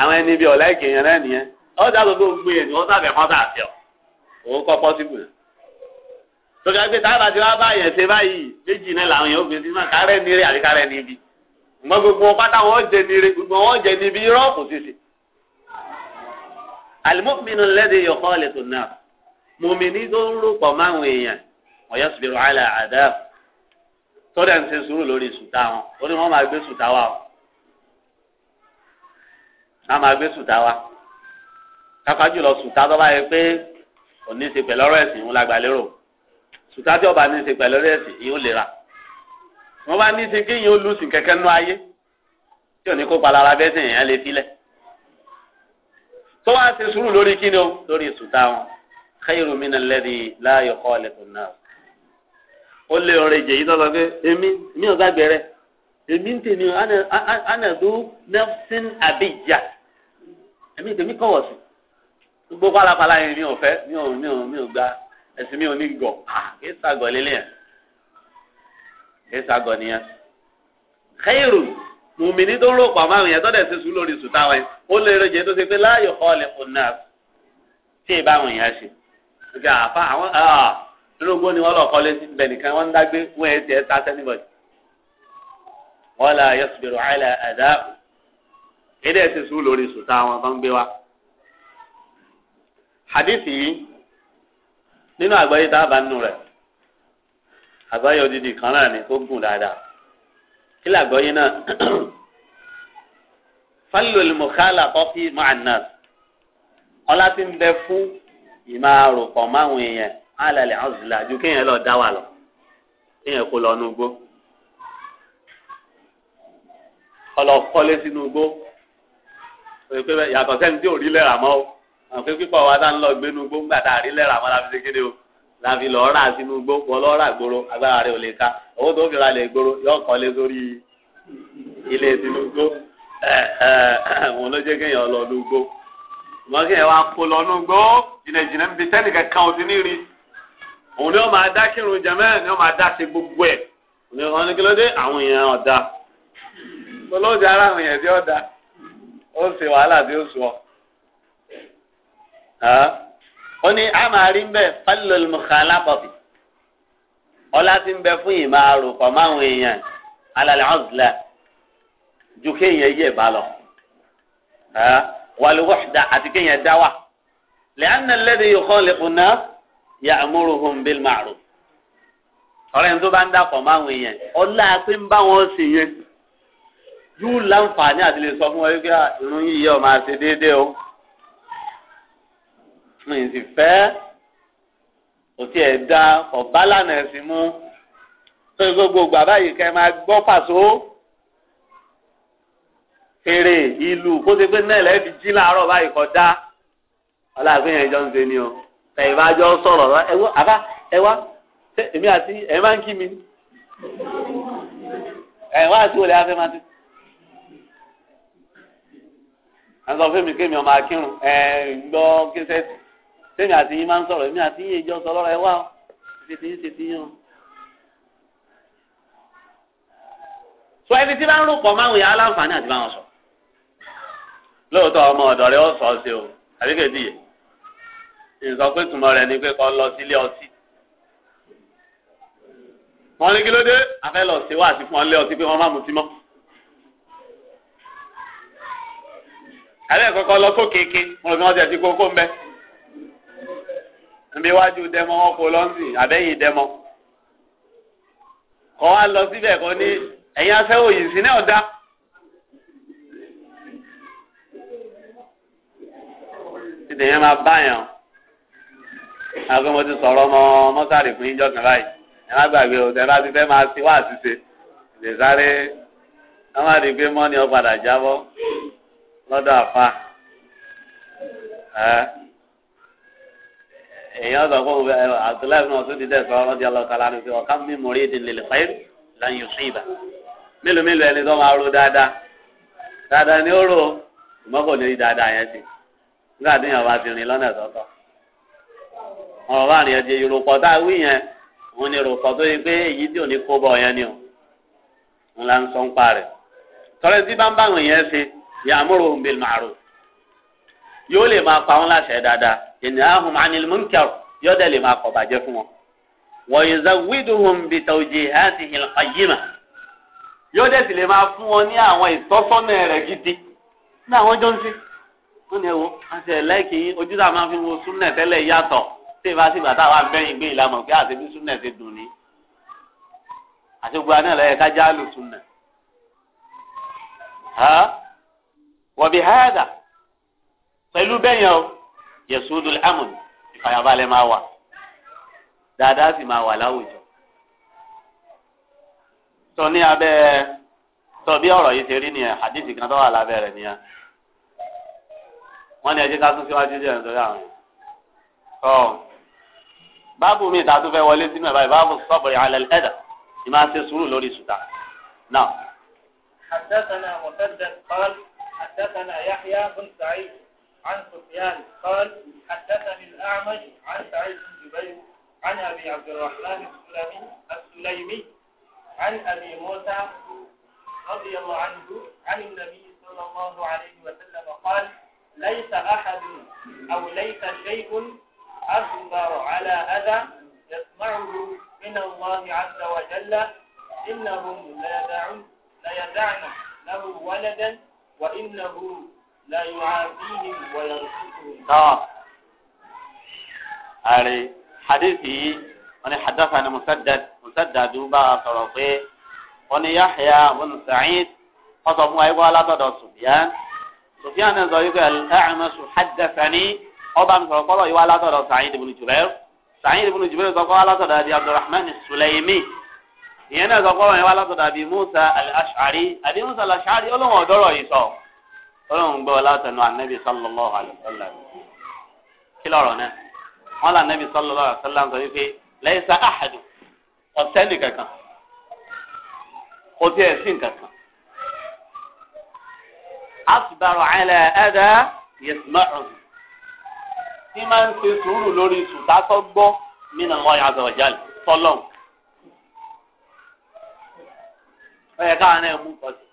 àwọn ẹni bí ọ̀la ẹ̀kẹ́ yẹn náà nìyẹn ọ̀dà tó tó gbé yẹn ni wọ́n sábẹ̀ fọ́n sàfẹ́ ọ̀ òun kọ́ pọ́sibù yẹn. tọ́ka pé tábà tí wọ́n bá ṣe báyìí méjì náà làwọn yẹn ó náà kárẹ́ níire àbí kárẹ́ níbi ṣùgbọ́n gbogbo pátá wọn jẹ níire gbogbo wọn jẹ níbi rọ́ọ̀pù sísè. alimọ́pinnu lẹ́dí yọkọ́ lẹ́tọ̀ọ́ náà mọ̀mí ní tó ń rò pọ̀ máwọn èèyàn ọ̀yọ́ sùgbẹ́rù àlà àdáàbò tọ́lẹ̀ ń ṣe sùúrù lórí sùtá wọn ó ní wọ́n máa gbé sùtá wa o wọ́n máa gbé sùtá wa kápá jùlọ sùtá tó bá yẹ pé kò ní í ṣe pẹ̀lú ọ̀rọ̀ ẹ̀sìn ìhun lágbà lérò sùtá tí ọba ní í ṣe pẹ̀lú ọ̀rọ̀ ẹ̀sìn ìhun lè ra wọ́n bá ní í ṣe kí ìhun lù sìn kẹ́kẹ́ nú ayé tí ò ní kó palara bẹ́sẹ̀ yẹn lè filẹ̀ tó ṣe sùúrù lórí kí ni o lórí sùtá wọn khairu min alladhi la ó lé ọ̀rẹ́ jẹ yìí tọ́lọ pé èmi mi ò bá gbẹrẹ èmi ń tèmi ànàdó nẹ́fṣin àbíjà èmi tèmi kọ̀wọ̀ sí gbogbo pálapàla yẹn mi ò fẹ́ mi ò mi ò mi ò gba ẹ̀sìn mi ò ní gọ̀ ah, kì í sàgọ̀ lélẹ̀ yẹn kì í sàgọ̀ nìyẹn. xeyiru mùmíní tó ń rò pàmò àwọn yẹn tó dẹ̀ ṣe sùn lórí sùn táwọn yẹn ó lé ọ̀rẹ́ jẹ tó ṣe pé láàyò kọ́ ọ̀lẹ́kùn náà tí ì bá àwọn yẹn ṣe irúgbó ni wọ́n lọ kọ́lé sí bẹ̀ nìkan wọ́n ń dágbé wọ́n ẹ̀ tiẹ̀ ta sẹ́nibọ̀dì wọ́n là yọ̀sùbẹ̀rù àìlà àdá ilé ẹ̀ ti sùn lórí sùtá wọn tó ń gbé wa. hadith yìí nínú àgbáyé tá a bá nù rẹ̀ àgbáyé odidi kan náà ni tó gùn dáadáa kí làgbọ́yé náà fálùlù mùkálà kọ́fí máa nà ọlá ti ń bẹ fún ìmáa rò pọ̀ máwọn alàlẹ́ azùlà ju kéèyàn lọ dá wà lọ kéèyàn kó lọ nu gbó ọlọ kọ́lé sínú gbó yàtọ̀ sẹ́ni tí ò rí lẹ́rà mọ́ o àwọn pé pípọ̀ wa dá ń lọ gbénu gbó ńgbà tá a rí lẹ́rà mọ́ láfi ṣe kéde o láfi lọ́ọ́ rà sínú gbó wọ́n lọ́ọ́ rà gbòòrò agbára rẹ̀ ò lè ka owó tó fi ra lè gbòòrò yóò kọ́lé sórí ilé sínú gbó wọn ló jẹ́ kéèyàn lọ nu gbó mọ́ kéèyàn wá kó lọ nu gbó jìnnàjìnnà ń bi sẹ́nìkan kan ò sí ní rí i òun ni wọn máa dá kírun jẹmẹ ni wọn máa dá ṣe gbogbo ẹ òun ni wọn ní kí ló dé àwọn èèyàn ọ̀dà olóòjà ara àwọn èèyàn tí ọ̀dà ó ṣe wàhálà tí ó sọ ó ní a máa rí bẹ́ẹ̀ fálílọ́lù mùkàlábọ̀tì ọlá ti ń bẹ fún yìí máa rò àwọn èèyàn alàlẹ́ ọ̀dùlà ju kéèyàn yẹ̀ bá lọ wàlúwọ̀ṣdà àti kéèyàn dá wà lẹ́yìn náà lẹ́dí yìí kọ́ lẹ́kùn náà ya'muruhum bil ma'ruf ọ̀rẹ́ ní tó bá ń dàpọ̀ máwọn èèyàn ọlá pé ń bá wọn sì yẹn yóò láǹfààní àti lè sọ fún wọn wípé irun yìí yẹ ọ máa ṣe déédéé o mi sì fẹ́ òtí ẹ̀ da ọ̀bálànà ẹ̀sìn mú tó gbogbo bàbá yìí kẹ́ máa gbọ́ pàṣọ fèrè ìlú kó ti pé náà lẹ́ẹ̀fi jí láàárọ̀ báyìí kọjá ọlá àfihàn ìjọ ń ṣe ni o ẹ̀yìn sọ̀rọ̀ ẹwọ́ àbá ẹwà èmi àti ẹ̀ ń kí mi ẹ̀wà àti olè afẹ́ máa ti. àtọ fẹ́mi kémi ọmọ akírun ẹ̀ gbọ́ kẹsẹ́tì sẹ́mi àti yín máa ń sọ̀rọ̀ èmi àti yín ìjọ sọ̀rọ̀ ẹwà ó yín tètè yín o. sọ ẹni tí bá ń rò pọ̀ máwùn yà á láǹfààní àti báwọn sọ lóòótọ́ ọmọ ọ̀dọ̀ rẹ̀ ó sọ ọ́ sí o àbíkẹ́ díye nǹkan pé tùmọ̀ rẹ̀ ni pé kọ́ lọ sílé ọtí. wọ́n ní kí ló dé afẹ́ lọ sí wá àti fún ọ́n lé ọtí pé wọ́n má mutí mọ́. alẹ́ kọ́kọ́ lọ kó kéèké mo rò bí wọ́n ti ẹ̀sìn kókó ń bẹ́. níbi iwájú dẹmọ wọn kó lọ́sìn àbẹ́yìn dẹmọ. kọ́ wa lọ síbẹ̀ kọ́ ní ẹ̀yin afẹ́wò yìí sí náà dá. ìdèyàn máa bá yàn. àwọn ọmọ ti sọ̀rọ̀ ọmọ mọ́sàrì fún yíjọ́ kan báyìí o fẹ́ máa ṣe wá àṣìṣe lè sáré ẹ má pé mọ́ni ọ̀padà jábọ́ lọ́dọ̀ àfa èèyàn sọ fún ti ni pé ọ̀ká mi mọ̀rí ìdí lè fẹ́ lẹ́yìn oṣù ìbà mélòó mélòó ẹni tó máa ro dáadáa dáadáa ni ó rò ìmọ́kò ní dáadáa yẹn ti nígbà tí èèyàn ọ̀rọ̀ bá nìyẹn di tá a wí yẹn òun ni ìrùkọ̀ tó yẹ pé èyí tí ò ní kó bọ̀ yẹn ni o ńlá ń sọ ń pa rẹ̀ tọ́lẹ̀ tí bá ń bá àwọn èèyàn ṣe yóò lè máa pa wọn láṣẹ dáadáa yanhahum 'anil munkar yóò dẹ̀ lè máa kọ̀ bàjẹ́ fún wọn yóò dẹ̀ sì gidi ní àwọn jọ́nsí wọ́n ẹ̀wọ́ àti ẹ̀ láìkì máa fi wo tí ìbá sì bàtà wà bẹ́yìn gbé ìlànà pé àti bí súnà ti dùn ní àti gbogbo àná lọ́yẹ ká já lù súnà. wọ́n bí háàdà pẹ̀lú bẹ́yìn o yẹ̀sùdù amùn ìfàyàbalẹ̀ máa wà dáadáa sì máa wà láwùjọ. sọ ní abẹ́ sọ bí ọ̀rọ̀ yìí ṣe rí nìyẹn àdìsí kan tó wà lábẹ́ rẹ̀ nìyẹn wọ́n ní ẹjẹ́ ká tún síwájú díẹ̀ nítorí àwọn ọ̀. báàbù mi ìtàtú fẹ́ wọlé sínú ẹ̀ báyìí báàbù sọ́bùrì alẹ́ ẹ̀dà ni máa ṣe sùúrù حدثنا مسدد قال حدثنا يحيى بن سعيد عن سفيان قال حدثني الأعمش عن سعيد بن جبير عن أبي عبد الرحمن السلمي السليمي عن أبي موسى رضي الله عنه عن النبي صلى الله عليه وسلم قال ليس أحد أو ليس شيء أكبر على أذى يسمعه من الله عز وجل إنهم لا يدعن له ولدا وإنه لا يعافيهم ولا آه. أري حديثي أنا حدثنا مسدد مسدد بقى صرفي أنا يحيى بن سعيد قصب ما يقول سفيان سفيان ذا يقول الأعمش حدثني ọba mi sọ̀rọ̀ kọ́lọ̀ yìí wá látọ̀dọ̀ Sa'id ibn Jubair Sa'id ibn Jubair sọ̀kọ́ wá látọ̀dọ̀ àbí Abdurrahman Sulaimi ìyẹn náà sọ̀kọ́ wọn wá látọ̀dọ̀ àbí Musa al-Ash'ari àbí Musa al-Ash'ari olóhùn ọ̀dọ́rọ̀ yìí sọ olóhùn gbọ́ látọ̀nù anabi sallallahu alayhi wa sallam kí lọ́rọ̀ náà wọn là anabi sallallahu alayhi wa sallam sọ wípé laysa ahadu tí máa ń ṣe sùúrù lórí sùtásọ́ gbọ́ mìíràn lọ́ọ́ yàtọ̀ ọ̀jà tọ́lọ̀ ọ̀yẹ káwọn náà mú kọ́ sí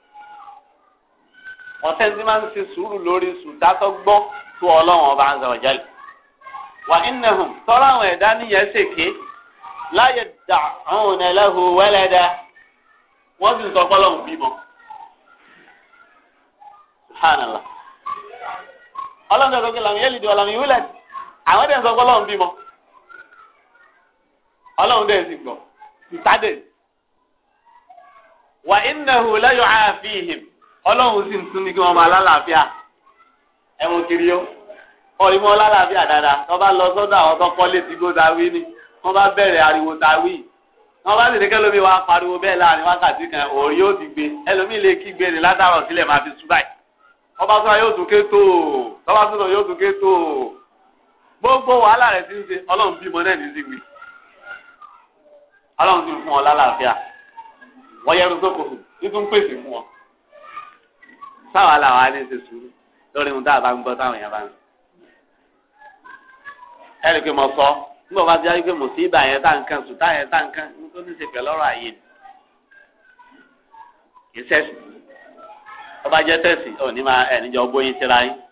ọ̀sẹ̀ tí máa ń ṣe sùúrù lórí sùtásọ́ gbọ́ tó ọlọ́run ọba ń sọ̀rọ̀ jẹ́lẹ̀ wà innahum tọ́lá àwọn ẹ̀dá níyẹn ṣèké láyé dà àwọn ẹlẹ́hùn wẹ́lẹ́dẹ́ wọ́n sì sọ pọ́lọ́hùn bímọ. tó kí làwọn yẹ́lì dùn ọ̀làmì wúlẹ̀dì. àwọn dẹ̀ ń sọ pé ọlọ́run bímọ ọlọ́run dẹ̀ sì gbọ́ ìtàdé wà innahu la yu'afihim ọlọ́run sì ń tún ní kí wọ́n máa lálàáfíà ẹ̀wọ̀n kiri ó ọ̀rí mọ́ lálàáfíà dáadáa tó bá lọ sọ́dọ̀ àwọn tó kọ́ létí gbó dáwí ni wọ́n bá bẹ̀rẹ̀ ariwo dáwí wọ́n bá sì ní kẹ́lómi pariwo bẹ́ẹ̀ láàrin wákàtí kan yóò ti gbé ẹlòmíì lè kí gbé ni fi gbogbo wàhálà rẹ̀ ti ń ṣe ọlọ́run bímọ náà ní síbi ọlọ́run ti ń fún ọ lálàáfíà wọ́n yẹ rúgbó kò tuntun pèsè fún ọ táwa làwa ní ṣe sùúrù lórí ohun tá a bá ń gbọ́ táwọn èèyàn bá ń sọ ẹnì pé mo sọ nígbà bá ti yá pé mo sí ibà yẹn tá nǹkan sùn tá yẹn tá nǹkan tó ní ṣe pẹ̀lú ọ̀rọ̀ àyè ìṣẹ́sì ọba jẹ́ tẹ̀sì ò ní máa ẹ̀ níjọ bóyin síra yín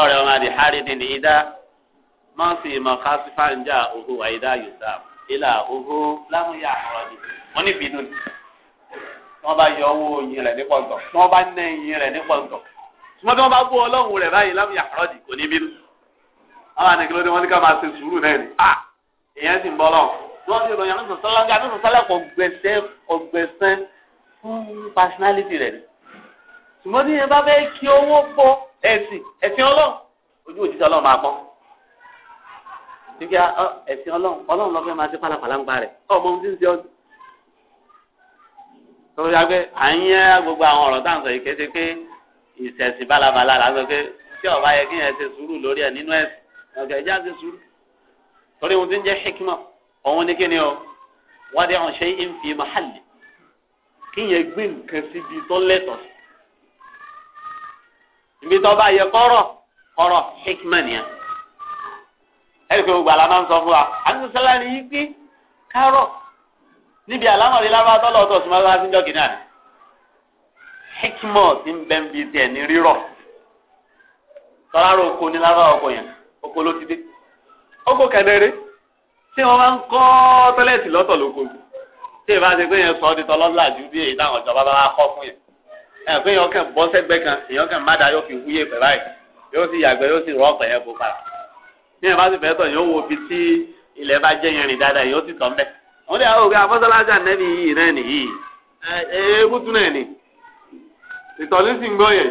ọ̀rẹ́ ọmọ àdì hàrídìn ní ìdá mọ́sí mọ̀kásífà ń jà òhù àìdá yòóta ìlà òhù lámúyà àmọ́rọ́dì wọ́n ní bínú ni wọ́n bá yọ owó oyin rẹ̀ ní pọ̀ntọ̀ tí wọ́n bá ná iyin rẹ̀ ní pọ̀ntọ̀ ṣùgbọ́n tí wọ́n bá bú ọlọ́run rẹ̀ báyìí lámúyà àmọ́rọ́dì kò ní bínú. àwọn àdìgbò ni wọ́n ní ká máa ṣe sùúrù náà ni à ah! èèyàn sì ń bọ́ lọ́wọ́ wọ́n ti ròyìn àdúgbò sọ́lá ní àdúgbò sọ́lá kò gbẹ̀sẹ̀ ọ̀gbẹ̀sẹ̀ fún personality rẹ̀ ṣùgbọ́n tí yẹn bá fẹ́ kí owó bọ́ ẹ̀sìn ẹ̀sìn ọlọ́run ojú òjijì ọlọ́run máa pọ́n níbi ẹ̀sìn ọlọ́run ọlọ́run lọ́fẹ́ máa ṣe pálapàla ń pa rẹ̀ ọmọ ohun tí ń ṣe ọdún. torí agbẹ́ à ń yẹ́ gbogbo àwọn ọ̀rọ̀ táwọn sọ yìí kété pé ìṣẹ̀sìn balabala là ń sọ pé tí ọba yẹ kí yẹn ṣe sùúrù lórí ẹ̀ nínú ẹ̀sìn ọ̀gá ẹ̀já ṣe sùúrù torí ohun tí ń jẹ́ hikima òun ni kí ni o wádìí àwọn ṣe é ń fi ibi tó bá yẹ kọ́rọ̀ kọ́rọ̀ hikman yẹn ẹ̀rí pé gbogbo àlámà ń sọ fún wa àtúnṣẹ́lá ni yìí pé kárọ̀ níbi àlámọ̀rí lábá tọ́lọ̀ ọ̀tọ̀ súnmọ́ bá ti ń jọ́kì náà hikmọ̀ ti ń bẹ́ ń bi tiẹ̀ ní rírọ̀ tọ́lárọ̀ oko ní lábá ọkọ̀ yẹn oko ló ti dé oko kẹ̀dẹ̀rẹ́ tí wọ́n máa ń kọ́ tọ́lẹ̀tì lọ́tọ̀ lóko tí ìbá yẹn sọ ọ́ di tọ́lọ́lá ju bí èyí táwọn ìjọba bá wá kọ́ fún yẹn ẹ pé èèyàn kàn bọ́ sẹ́gbẹ́ kan èèyàn kàn má da yóò fi wúyè pẹ̀ báyìí yóò sì yàgbẹ́ yóò sì rọ ọ̀pẹ̀ yẹn kó para ní ẹ̀ bá sì fẹ́ tọ̀ yóò wo ibi tí ilẹ̀ bá jẹ́ yẹn rìn dáadáa yóò sì tọ̀ ń bẹ̀. wọ́n lè àwọn òkè afọ́sọ́lájú ànẹ́bí yìí náà nìyí eégún tún náà nì ìtọ́lú sì ń gbọ́ yẹn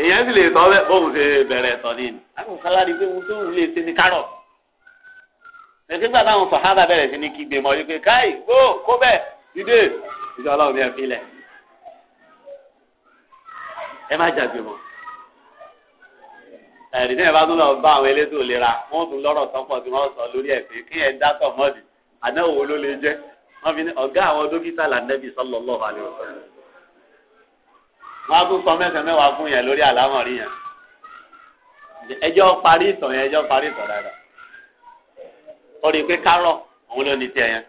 èèyàn sì lè tọ́ bẹ́ẹ̀ bóun ṣe bẹ̀rẹ̀ ẹ̀tọ́ ní ni. akọ̀kọ̀ aláàdì pé ohun tó ń lè ṣe ni kárọ̀ ẹ̀sìn gbà táwọn sọ̀hábà bẹ̀rẹ̀ sí ni kígbe ẹ má jàgbé mọ́ ẹ̀rí náà bá tún lọ bá àwọn elétò ìlera wọn tún lọ́rọ̀ sọ́pọ̀ tí wọ́n sọ lórí ẹ̀fẹ́ kí ẹ̀ ń dátọ̀ mọ́ọ̀dì àdáwò ló lè jẹ́ wọn fi ní ọ̀gá àwọn dókítà á tún sọ án fún yẹn lórí yẹn parí ìtàn yẹn parí ìtàn dáadáa. ó rí i pé kárọ̀ òun ló ní tiẹ̀ yẹn.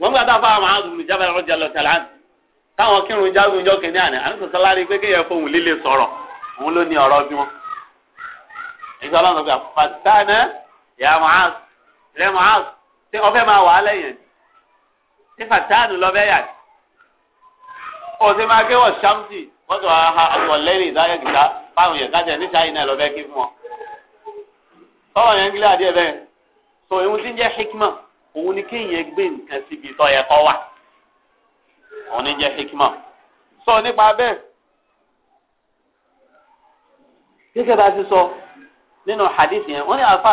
wọ́n gbàdá fáwọn àwọn táwọn kírun jágun jọ kìnìún àná àná sọsọ lárí pé kéèyàn fohùn líle sọ̀rọ̀ òun ló ní ọ̀rọ̀ bí wọn. ìgbà wọn sọ pé àfàtánà yà Mu'az rẹ Mu'az tí wọn fẹ́ máa wà á lẹ́yìn tí fàtánù lọ bẹ yà ó sì máa gé wọn ṣámsì wọn sọ àwọn lẹ́yìn ìdáyẹ gìdá fáwọn yẹn kájẹ ní sáyìn náà lọ bẹ kí fún wọn. fọwọ́n yẹn ń gílẹ̀ adìẹ bẹ́ẹ̀ sọ ohun tí ń jẹ́ hikma òun ni kéèyàn gbé nǹkan síbi tó yẹ kó òun ní jẹ́ hikma sọ nípa bẹ́ẹ̀ kíkẹ́ bá ti sọ nínú hadith yẹn wọ́n ní afa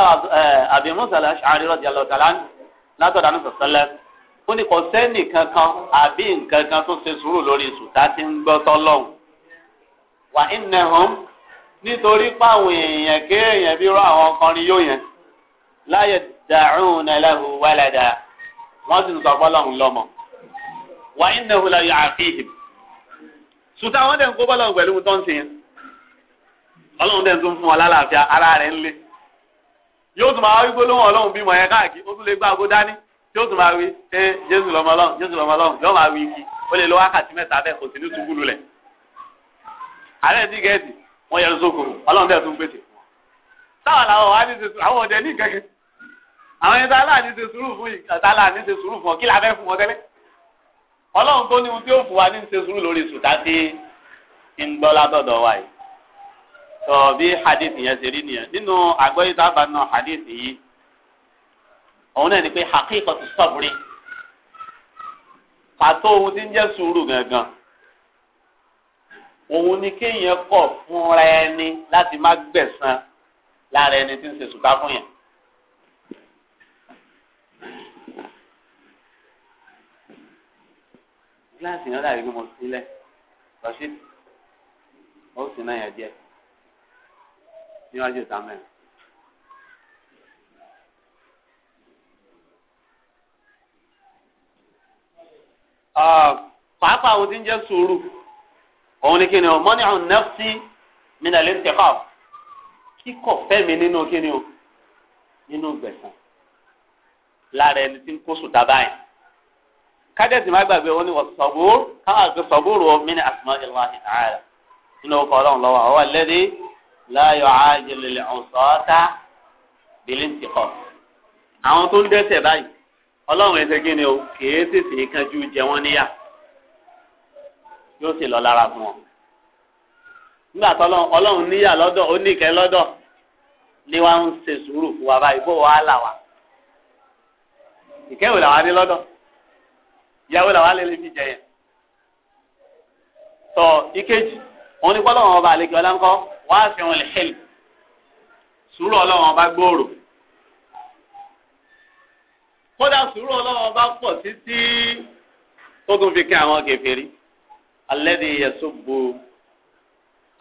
Abi Musa al-Ash'ari radiyallahu ta'ala látọ̀dá ní sọ̀sẹ́lẹ̀ wọ́n ní kò sẹ́ni kankan àbí nǹkan tó ṣe sùúrù lórí sùtá tí ń gbọ́ tọ́lọ́hùn wà nítorí èèyàn kéèyàn bí rọ àwọn ọkùnrin yóò yẹn walada wọ́n sì ń sọ fọ́lọ́hùn wà ní nàìjíríà la yọ àfihìm sùtà wọn dẹ̀ ń kó bọ́lá pẹ̀lú tó ń sìn ọlọ́run dẹ̀ tó ń fún ọ lálàáfíà ara rẹ̀ ń lé yóò tún máa wí gbólóhùn ọlọ́run bímọ yẹn káàkiri ó tún lè gbá ago dání yóò tún máa wí ẹ jésù lọmọ ọlọ́run jésù lọmọ ọlọ́run yóò máa wí kí ó lè lọ wákàtí mẹ́ta bẹ́ẹ̀ kò sí ní túbú lulẹ̀ ààrẹ tí gẹ̀ẹ́sì wọ́n yẹ lọ́sọ́kò ọlọ́run dẹ̀ tún pèsè ọlọ́run tó ní ohun tí ó fún wa ní ṣe sùúrù lórí sùtá tí ń gbọ́ látọ̀dọ̀ wa yìí tọ́ bí hadith yẹn ṣe rí nìyẹn nínú àgbọ̀yé tábà náà hadith yìí òun náà ni pé haqiqatu sabri pàtó ohun tí ń jẹ́ sùúrù gangan òun ni kéèyàn kọ̀ fúnra ẹni láti má gbẹ̀san lára ẹni tí ń ṣe sùtá fún yẹn. gíláàsì yẹn dàbí pé mo sílẹ̀ rashid ó sì náà yẹn díẹ̀ níwájú samuel. pàápàá àwọn tí ń jẹ́ sùúrù òun ni kí ni o mọ́ni ọ̀hún nẹ́fṣí mi nà lè ń tẹ̀kọ́ kíkọ̀ fẹ́mi nínú kí ni o nínú gbẹ̀sán lára ẹni tí ń kó sùn dábàá yẹn kádẹ́sì má gbàgbé wọn ni wọ́n sọ̀bùrù káwọn àgbẹ̀ sọ̀bùrù omi ní asùnmọ́ ìlú àti ààrẹ nínú ọkọ̀ ọlọ́run lọ́wọ́ àwọn ẹlẹ́dẹ́ láyọ̀ àjẹlẹ̀lẹ̀ ọ̀sọ́ọ́ta bìlín ti kọ̀. àwọn tó ń dẹ́ṣẹ̀ báyìí ọlọ́run ẹsẹ̀ kí o kìí tètè kanjú jẹ wọ́n níyà yóò sì lọ lára fún wọn. nígbà tó ọlọ́run níyà lọ́dọ̀ ó níkẹ́ lọ́dọ̀ ni wọ́n ń ṣe sùúrù fún wa báyìí bó wàá là ìkẹ́wò làwọn adé lọ́dọ̀ ìyàwó làwọn alẹ́ lè fi jẹ yẹn. tọ ìkejì òun ní kọ́lọ́ wọn ọba àlejò ọláńkọ́ wá sí wọn lè hẹ́lì sùúrù ọlọ́wọ́n ọba gbòòrò kódà sùúrù ọlọ́wọ́n ọba pọ̀ títí tó tún fi kí àwọn kèfèrí alẹ́dí yẹsùbù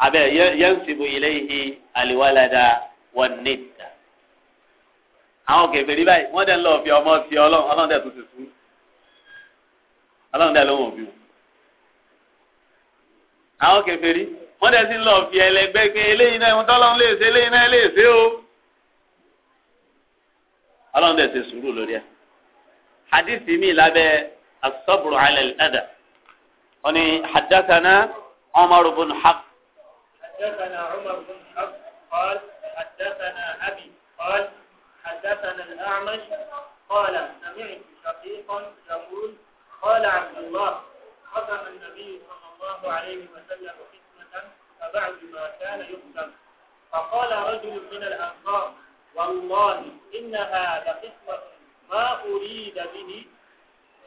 abẹ yẹnsìbù iléyìí àlìwálàdà wọn níta àwọn kèfèrí báyìí wọ́n dẹ̀ ń lọ fi ọmọ fi ọlọ́run ọlọ́run dẹ̀ tún ti sùn ọlọ́run dẹ̀ ló wọ̀ bí wọn. àwọn kèfèrí wọ́n dẹ̀ sí lọ fi ẹlẹgbẹ́ pé eléyìí náà ìwọ̀n tọ́lọ́run lè ṣe eléyìí náà lè ṣe o. ọlọ́run dẹ̀ ṣe sùúrù lórí ẹ̀. hadith mi lábẹ́ asọ́bùrù alẹ́ ẹ̀dà wọ́n ní haddathana Umar ibn Hafs. حدثنا عمر بن حفص قال حدثنا أبي قال حدثنا الأعمش قال سمعت شقيقا يقول قال عبد الله ختم النبي صلى الله عليه وسلم ختمة فبعد ما كان يختم فقال رجل من الأنصار والله إنها لقسمة ما أريد به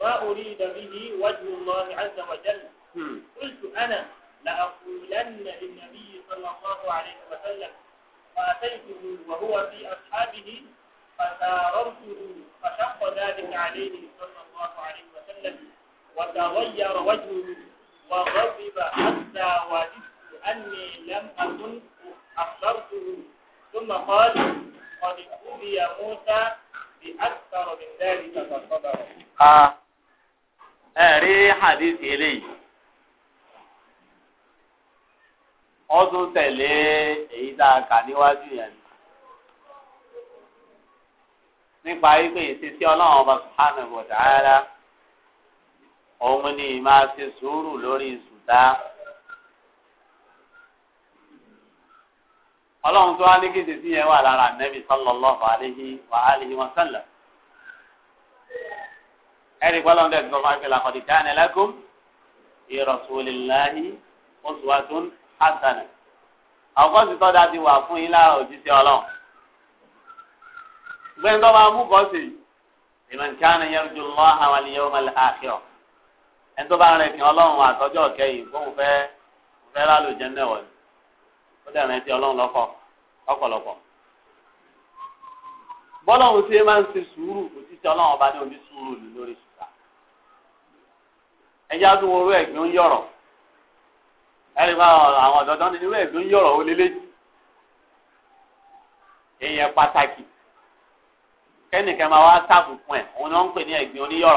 ما أريد به وجه الله عز وجل قلت أنا لأقولن للنبي صلى الله عليه وسلم فأتيته وهو في أصحابه فساررته فشق ذلك عليه صلى الله عليه وسلم وتغير وجهه وغضب حتى وجدت أني لم أكن أخبرته ثم قال قد أوذي موسى بأكثر من ذلك فصبر. آه. ẹ̀rí hadith eléyìí wọ́n tún tẹ̀lé èyí tá a kà níwájú yẹn nípa wípé ìṣesí ọlọ́run ọba subhanahu wa ta'ala òun ni máa ṣe sùúrù lórí ìsùdá. ọlọ́run tó wá ní kí tètè yẹn wà lára nẹ́bí sallallahu alaihi wa alihi wa sallam. ẹ̀rí pọ́lọ́ ń dẹ̀sùn fún akẹ́lẹ́ àkọ́dí kana lakum fi rasulillahi uswatun hasanah. àwọn sì tọ́da ti wà fún yín lára òjíṣẹ́ ọlọ́run. gbẹ̀ngàn máa mú kọ́ sí ìmọ̀ nǹkan yarju Allah wal yawmal akhir. ẹni tó bá rìn fi ọlọ́run àtọ́jọ́ kẹyìn fóun fẹ́ fẹ́ lálùjẹ́ náà ó dẹ̀ ọlọ́run lọ́kọ̀ ọ̀pọ̀lọpọ̀. bọ́lọ́run tí ẹ máa ń ṣe sùúrù kò sí ti ọlọ́run ọba ní omi sùúrù lù lórí ṣùgbà. ẹ̀gbìn ń yọ̀rọ̀ ẹ̀rí bá àwọn ọ̀dọ́dọ́ ní irú ẹ̀gbìn ń yọ̀rọ̀ ó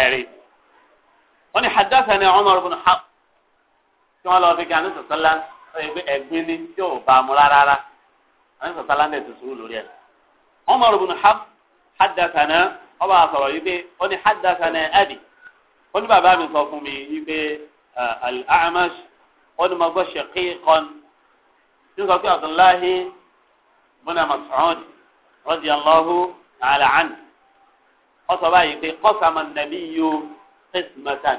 ẹ̀rí wọ́n ní hadassah ní Umar ibn Hafs tí wọ́n lọ fi kan ní sọ̀tọ́lá ẹ̀gbin ni tí ò bá mu rárá ní sọ̀tọ́lá ní ètò sùúrù lórí ẹ̀ Umar ibn Hafs hadassah ní ọba àsọ̀rọ̀ yìí pé wọ́n ní hadassah ní ẹ̀dì wọ́n ní bàbá mi sọ fún mi yìí pé al-A'mash wọ́n ní mo gbọ́ shaqiqan wọ́n sọ báyìí pé kọ́sàmà nàbí yóò kẹ́sìmọ́tàn.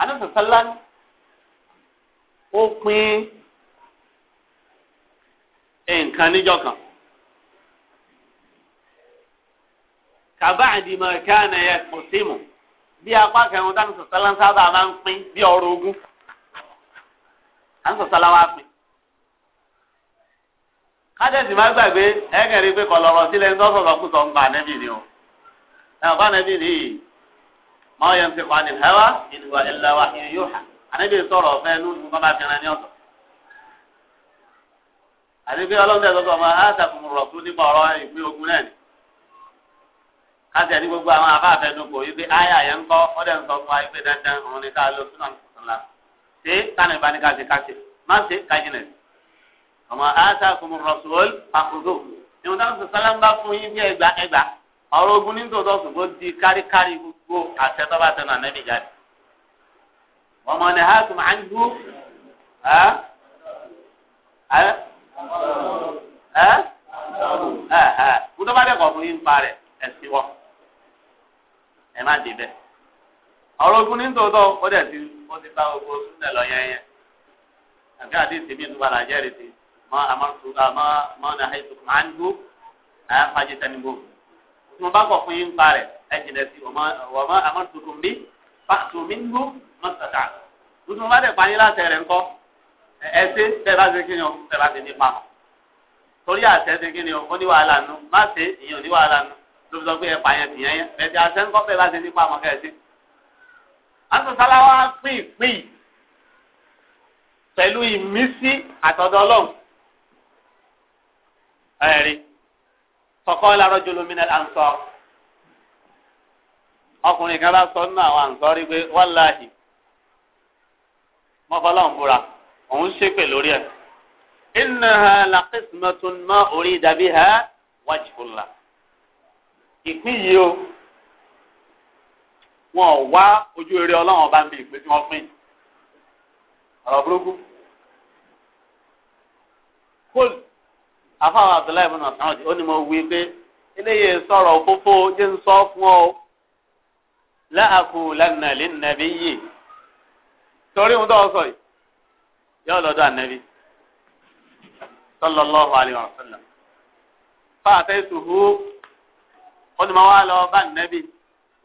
anáfẹ́fẹ́lá ó pín nǹkan níjọ́ kan. kàbáàdì máa kánà yẹ kò símù bí apá kẹrin táwọn sọ̀tàlá sábà máa ń pín bí ọrọ̀ ogún. àwọn sọ̀tàlá wa pín kádẹ́sì má gbàgbé ẹ̀kẹ́rì pé kọlọ̀rọ̀ sílẹ̀ ń tọ́sọ̀rọ̀ kú sọ ń pa ànẹ́bì ni o ẹ̀kọ́ ànẹ́bì ni yìí máa yẹn ti pa ní ìdùwà ìlàwà yóò ànẹ́bì sọ̀rọ̀ ọ̀fẹ́ nínú bàbá fẹ́ràn ní ọ̀tọ̀. àti pé ọlọ́dẹ tó sọ̀rọ̀ á sàkùn rọ̀ nípa ọ̀rọ̀ ìpín ogun náà ni kásìẹ̀ ní gbogbo àwọn afáfẹ́ dúpọ̀ yìí ọmọ ata kùmù rọ̀sùwọ́l àkùdù ìwọ̀n táwọn sọ sálá ń bá fún yín bí ẹgbà ẹgbà ọ̀rọ̀ ogun ní tòótọ́ ṣùgbọ́n di káríkárí gbogbo àṣẹ tó bá tẹnu ànẹ́bí jáde. ọmọ ní hàkùmù àńgbù ẹ ẹ ẹ ẹ kúndọ́ bá dẹ̀kọ̀ fún yín pa rẹ̀ ẹ sí wọ́ ẹ má dé bẹ́ẹ̀. ọ̀rọ̀ ogun ní tòótọ́ ó dẹ̀ ti ó ti bá gbogbo sílẹ̀ lọ yẹn àbí àdéhùn tèmi ìtúbalà jẹ́rìí tèmi. ما أمرت ما ما نهيتكم عنه فاجتنبوه tí mo bá kọ̀ fún yín pa rẹ̀ ẹ jìnà sí wọ́n mọ́ àmọ́tòkùn bí fàtò mí ń gbó mọ́tàdà tí mo bá dẹ̀ pa yín láti rẹ̀ ńkọ́ ẹ ṣe bẹ́ẹ̀ bá ṣe kí ni o bẹ́ẹ̀ bá ṣe ní torí àṣẹ ṣe kí o ó ní wàhálà nu má ṣe ìyẹn ní wàhálà nu ló fi sọ pé ẹ pa yẹn tìyẹn yẹn bẹ́ẹ̀ ti àṣẹ ńkọ́ bẹ́ẹ̀ bá ṣe ní pa ẹ ṣe. asosalawa pín pín pẹ̀lú ìmísí àtọ̀dọ̀ ẹ̀rí kọ́kọ́ làrọ̀ jolomina ansọ ọkùnrin kan bá sọ nínú àwọn ansọ́rí pé wàláhì mọ́fọ́lọ́hún búra òun ṣépè lórí ẹ̀. innaha laqismatun ma ori biha wajhullah. ìpín yìí o wọn wá ojú eré ọlọ́run bá ń bí ìpín tí pín burúkú. afáwọn abdullahi ibùdó àtàwọn ó mo wi pé eléyè sọ̀rọ̀ òfófó jẹ́ ń sọ fún ọ láàkú lánàá lé nàbí yìí torí ohun sọ yìí yóò sallallahu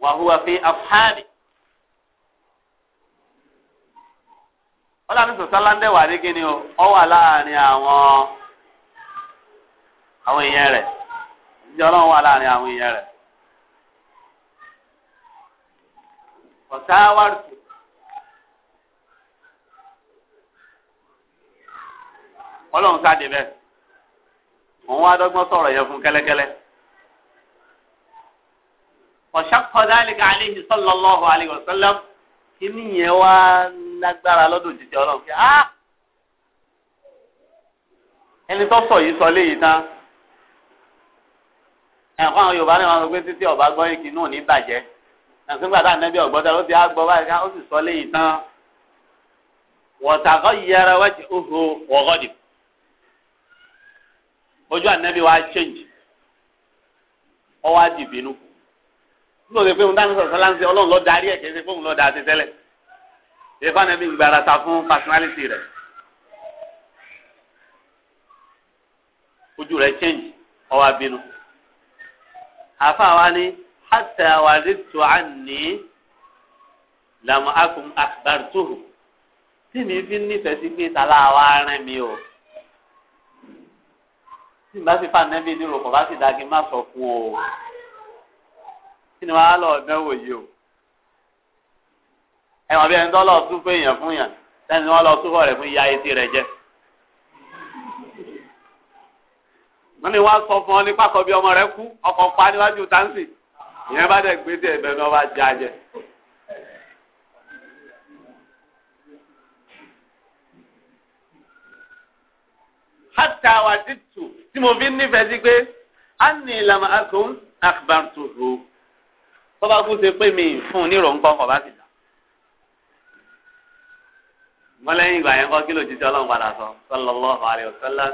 wa huwa fi ọlọ́run wà ní kíni o ọ wà láàrin àwọn. àwọn èèyàn rẹ̀ ìdí ọlọ́run wà láàrin àwọn èèyàn rẹ̀. wà wárùkù ọlọ́run sáde bẹ́ẹ̀ òun wá dọ́gbọ́n sọ̀rọ̀ yẹn fún kẹ́lẹ́kẹ́lẹ́. وشق ذلك عليه kíní yẹn wá lágbára jíjẹ ah! ẹni tó sọ yìí sọ léyìí tán ẹ̀kọ́ àwọn yorùbá náà wọn sọ pé títí ọba gbọ́ yìí kìnnú ní bàjẹ́ ẹ̀sìn gbàdá nẹ́bí ọ̀gbọ́dá ó ti á gbọ́ báyìí ó sì sọ lẹ́yìn tán wọ̀tàkọ́ yẹra wájú oho wọ̀gọ́dì ojú ànẹ́bí wa change ọwọ́ àdì bínú nígbà tó pé òun dáná sọ̀rọ̀ láǹṣẹ́ ọlọ́run lọ darí ẹ̀ kéde fóun lọ́ọ́ da àti tẹ́lẹ̀ ìfẹ́ ànẹ́bí ń gbára ta fún personality rẹ̀ ojú rẹ̀ change ọwọ́ àbínú àfa wa ni hata wàlítù àní làmú akùn àkbàrtùhù tí mi fi nífẹ̀ẹ́ sí pé tàlà wa rìn mí o tí n bá fi fà nẹ́bí ní rògbò bá sì dagi má sọ fún o kí ni wàá lọ ọ̀dọ́ yìí o ẹ̀wọ̀n bí ẹni tó lọ tún fún èèyàn fún yàn sẹ́ni wọ́n lọ túbọ̀ rẹ̀ fún ìyá etí rẹ̀ jẹ́. wọ́n ní wá sọ fún ọ nípa kọ́ bí ọmọ rẹ kú ọkọ̀ pa níwájú táǹsì ìyẹn bá dẹ̀ gbé díẹ̀ bẹ́ẹ̀ ni wọ́n jẹ ajẹ. hata wa ditu tí mo fi nífẹ̀ẹ́ sí pé a ní ìlànà akun akbar tó ro bọ́bá kú ṣe pé mi fún un ní ìrọ̀ǹkọ́ ọkọ̀ bá sì dà. wọ́n ìgbà yẹn kọ́ kí ló jíjẹ́ ọlọ́run padà sọ sallallahu alaihi wasallam.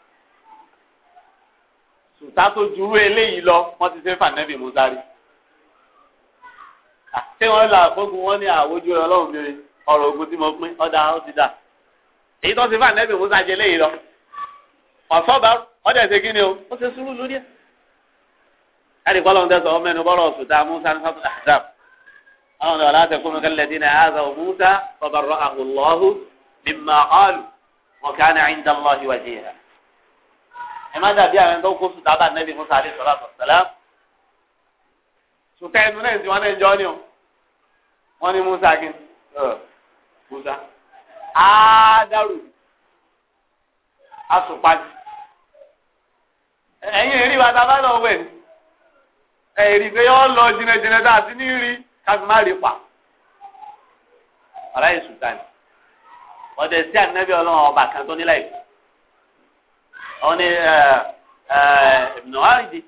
sùtá tó jurú eléyìí lọ wọ́n ti ṣe fànẹ́bì musa rí àti wọn là fógun wọn ní àwòjú ọlọ́run bèrè ọ̀rọ̀ ogun tí mo pín ọ̀dà ó ti dà èyí tó ṣe fànẹ́bì musa jẹ eléyìí lọ ọ̀sọ́ba ọ̀dẹ̀ ṣe kí o ó ṣe sùúrù lórí ẹ̀ ẹ̀rí kọ́lọ́n tẹ̀sán ọmọ ẹni bọ́lọ̀ sùtá musa ní sọ́tún àdàb àwọn ọ̀dọ̀ aláàtẹ̀kùnú kẹlẹ́dínà àzà musa ọ̀bàrọ̀ àhùlọ́hù mímà ọ̀lù wọ̀kánà ìndàlọ́hì wàjìyà ẹ má dàbí àwọn ẹni tó kó sùn tábà nẹ́bí musa àdé sọlá sọ̀tẹ̀lá sùtẹ́ ẹnu náà sì wọ́n náà ń jọ́ ni o wọ́n ní musa kí musa áádárù asùpájì ẹ̀yin èrí wa tá a bá lọ wẹ̀ ni ẹ̀rí pé yọ́ lọ jìnnàjìnnà tá a ti ní rí káfí má rí pa ọ̀rá yìí sùtá ni ọ̀dẹ̀ sí ànábì ọlọ́run ọba kan tó ní láìpẹ́ ọ ní Ibn Waridi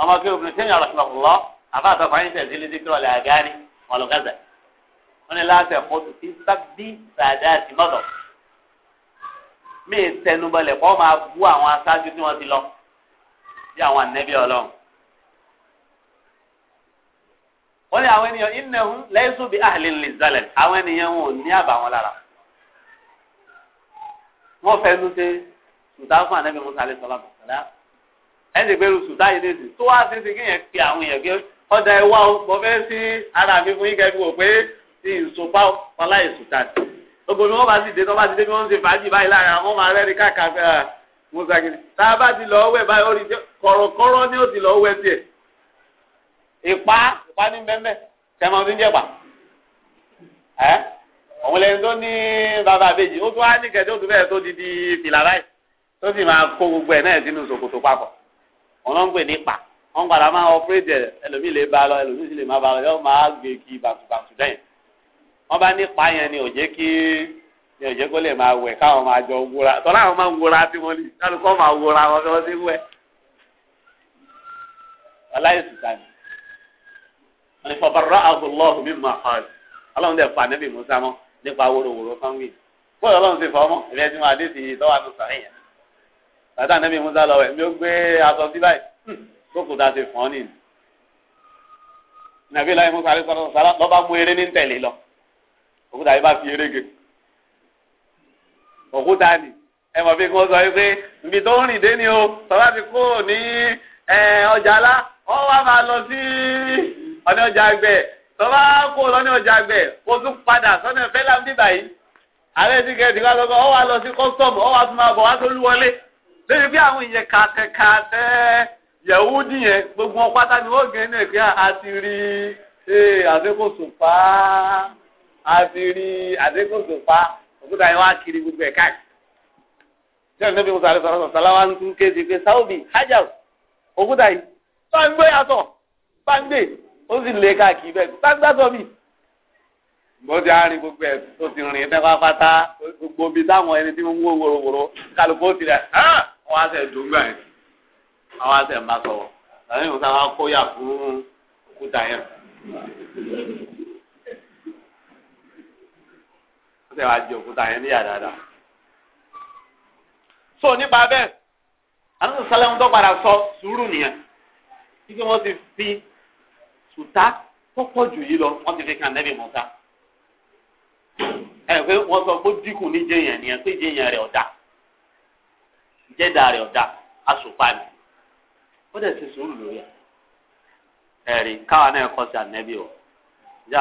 ọmọ kí Ibn Taymiyyah rahimahullah àbá àtọkọ ayé tẹsí lédè kí ọlẹ àgáni wọn lọ gàdà wọn ní láti ẹkọ tó ti sábì sàdá sí mọtò mí tẹnubọlẹ kọ máa bú àwọn aṣáájú tí wọn ti lọ bí àwọn ànẹbí Ọlọ́run wọ́n ní àwọn ènìyàn innahum laysu bi ahlin lizzalal àwọn ènìyàn wọn ò ní àbàwọn lára wọ́n fẹ́ nu ṣe sùtá fún anabi musa alẹ sọlá bàtàlá ẹni gbẹrù sùtá yìí lè sìn tó wá sí sí kéèyàn pe àwọn èèyàn pé ọjà ẹ wá o mo fẹ́ sí ara mi fún yín kẹfí wò pé ti ìsopa ọlá ìsùtá sí gbogbo mi wọn bá sì dé tó bá ti dé bí wọn ń ṣe fàájì báyìí lára wọn máa rẹ́ni káàkiri musa kiri tá a bá ti lọ wẹ̀ báyìí ó rí kọ̀rọ̀kọ̀rọ̀ ni ó ti lọ wẹ̀ tiẹ̀ ìpa ìpa ní mẹ́mẹ́ tẹ̀mọ́ ti ń jẹ̀pà ẹ̀ òun lẹ́ni tó ní bàbá àbèjì ó tún wá ní kẹ̀tẹ́ òtún bẹ́ẹ̀ tó di di fìlà báyìí tó sì máa kó gbogbo ẹ̀ náà sínú ṣòkòtò papọ̀ wọn ló ń pè ní pa wọn padà máa ọpẹ́rẹ́tì ẹlòmíì lè ba lọ ẹlòmíì sì lè má ba lọ yóò máa gbé kí bàtúbàtú lẹ́yìn wọn bá ní pa yẹn ni ò jẹ́ kí ni ò jẹ́ kó lè máa wẹ̀ káwọn máa jọ wúra tọ́lá àwọn máa ń wúra tí wọ́n ní kálukọ́ máa wúra wọn fẹ́ wọ́n sí wẹ̀ aláìsí tani wọn ni fọbàrọ̀ àgùlọ́ọ̀hùn mi máa fà ní ọlọ́run dẹ̀ fà níbi ìmúsámọ́ nípa wórówóró fáwọn yìí bóyá ọlọ́run ti fọ́ ọmọ ìrẹsì máa dé ti tọ́wọ́ àtúnṣe àyẹ̀n tàtà nẹ́bí musa lọ wẹ̀ mi ó gbé aṣọ sí báyìí hmm, tó kù dáa ṣe fún ọ nìyí. nàbí láyé musa alẹ́ sọ́dọ̀ sọ́dọ̀ lọ́ba mú eré ní tẹ̀lé lọ òkúta yìí bá fi eré ge òkúta ni ẹ mọ̀ bí kò sọ yìí pé ibi tó ń rìn dé ni o tọ́lá ti kó ní ọjà lá wọ́n wá máa lọ sí ọ̀nà ọjà àgbẹ̀ tọ́lá kó lọ́nà ọjà àgbẹ̀ kó tún padà sọ́nà fẹ́lá ń bíbà ààrẹ ti kẹ́ ẹ̀ ti ọ wá lọ sí kọ́sítọ́ọ̀mù ọ wá tún máa bọ̀ wá tó lú wọlé. lórí bí ka ìyẹn kàtẹ́kàtẹ́ yewu nìyẹn gbogbo wọn pátá na wọ́n gé ní èké àti rí eh, àdékòsùpá àti rí kiri gbogbo ẹ̀ káàkiri. níbi musa àti sọ̀rọ̀ wa ń tún kéde pé sáwọ́bì hajar òkúta yìí bá ń gbé ó sì lè káàkiri mi gbogbo tó ti rìn gbogbo táwọn ẹni tí ń wòrowòro ti wọ́n á sẹ̀ dùngbà yẹn àwọn á sẹ̀ má sọ̀rọ̀ làwọn yóò sábà kóyà fún òkúta yẹn. wọ́n sẹ̀ wá di òkúta yẹn níyà dáadáa. so nípa bẹ́ẹ̀ àwọn sọ̀sálẹ̀ ń dọ́gbàdà sọ sùúrù nìyẹn kíkẹ́ wọ́n ti fi sùtá tọ́pọ̀ jù yìí lọ wọ́n ti fi kàn nẹ́bí mọ́ta. ẹ pé wọ́n sọ pé dínkù ní jẹ́yàn nìyẹn pé jẹ́yàn rẹ̀ ọ̀dà. jẹ́ dàrí ọ̀dà asòpá ó dẹ̀ ti sùúrù lórí ẹ̀ ẹ̀rí káwa náà o ìjà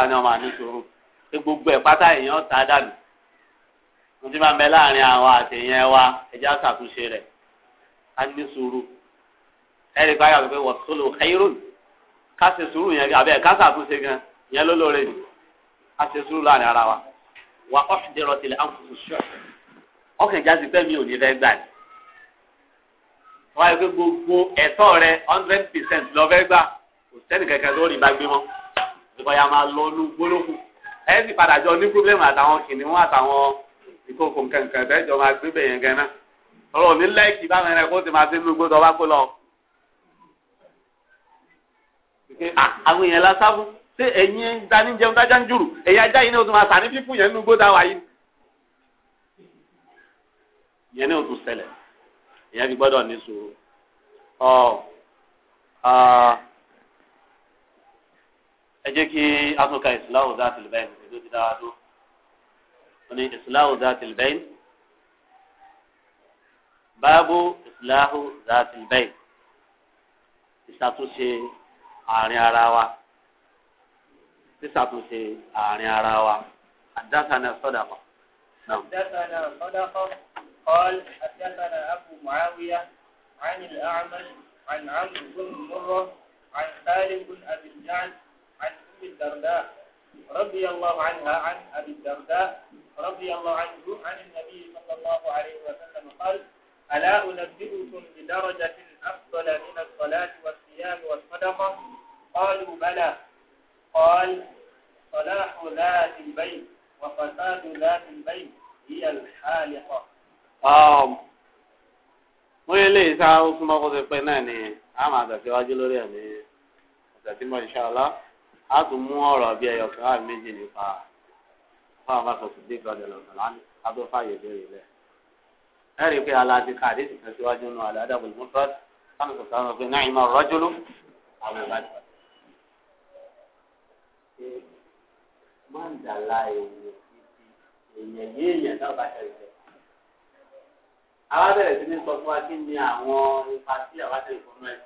ni wọ́n máa ní pé gbogbo ẹ̀ pátá èèyàn ta dànù mo ti máa bẹ láàrin àwọn àtẹ̀yìn ẹwa ẹja ṣàtúnṣe rẹ̀ á ẹ̀rí báyà wípé wọ́n tó lò sùúrù yẹn ṣàtúnṣe gan wa wà ọkàn ìjà wọ́n á yẹ pé gbogbo ẹ̀tọ́ rẹ hundred percent lọ́fẹ́ gbà kò sẹ́ni kẹ̀kẹ́ tó rìn bá gbé mọ́ ìgbà yà máa lọ ní gbólóhùn ẹ̀ sì padà jọ ní pírọ́blẹ́mù àtàwọn kìnìún àtàwọn ìkókò nǹkankan bẹ́ẹ̀ jọ máa gbé bẹ̀yẹn gan náà ọ̀rọ̀ ní lẹ́ẹ̀kì báwọn ẹ̀rẹ́ kó ti máa dé nugbó tó bá kó lọ. àwọn èèyàn lásán fún ṣé ẹ̀yin dání jẹun dájá ń jùrù ẹ̀yin ajá yìí ni o tún máa sàní fífún yẹn nugbó dáwà yìí. ìyẹn ni o tún ṣẹlẹ̀ ìyẹn fi gbọ́dọ̀ ní sùúrù ọ ẹ jẹ́ kí asọ́ka ìsìláwò dá tìlbẹ́yìn ìdó ti dára tó wọ́n ní ìsìláwò dá tìlbẹ́yìn báàbò ìsìláwò dá tìlbẹ́yìn ìṣàtúnṣe àárín ara wa sísàtúnṣe àárín ara wa àdásánà sọ́dà kan. قال حدثنا أبو معاوية عن الأعمش عن عمرو بن مرة عن خالد بن أبي الجعد عن أم الدرداء رضي الله عنها عن أبي الدرداء رضي الله عنه عن النبي صلى الله عليه وسلم قال ألا أنبئكم بدرجة أفضل من الصلاة والصيام والصدقة قالوا بلى قال صلاح ذات البيت وفساد ذات البيت هي الحالقة Um, wọ́n yẹ léyìí sá ó súnmọ́ kó ṣe pé náà ni a máa tẹ̀síwájú lórí ẹ̀ ní ọ̀sẹ̀ tí mo insha Allah a tún mú ọ̀rọ̀ bí ẹyọ kan láì méjì nípa fáwọn bá sọ̀tún dé gbọdọ̀ lọ́sàn lánàá adófáyè béèrè lẹ̀. ẹ rí i pé aláàdì káàdì ti tẹ̀síwájú nù àlẹ́ àdàbò ìmú tọ́jú sánù kò sánù pé náà ìmọ̀ rọ́júlú àwọn ìbàdàn. máa àwọn abẹ́rẹ́ sí ní sọ fún wa kí ni àwọn ipa tí àwọn àti ìfọ̀nù ẹ̀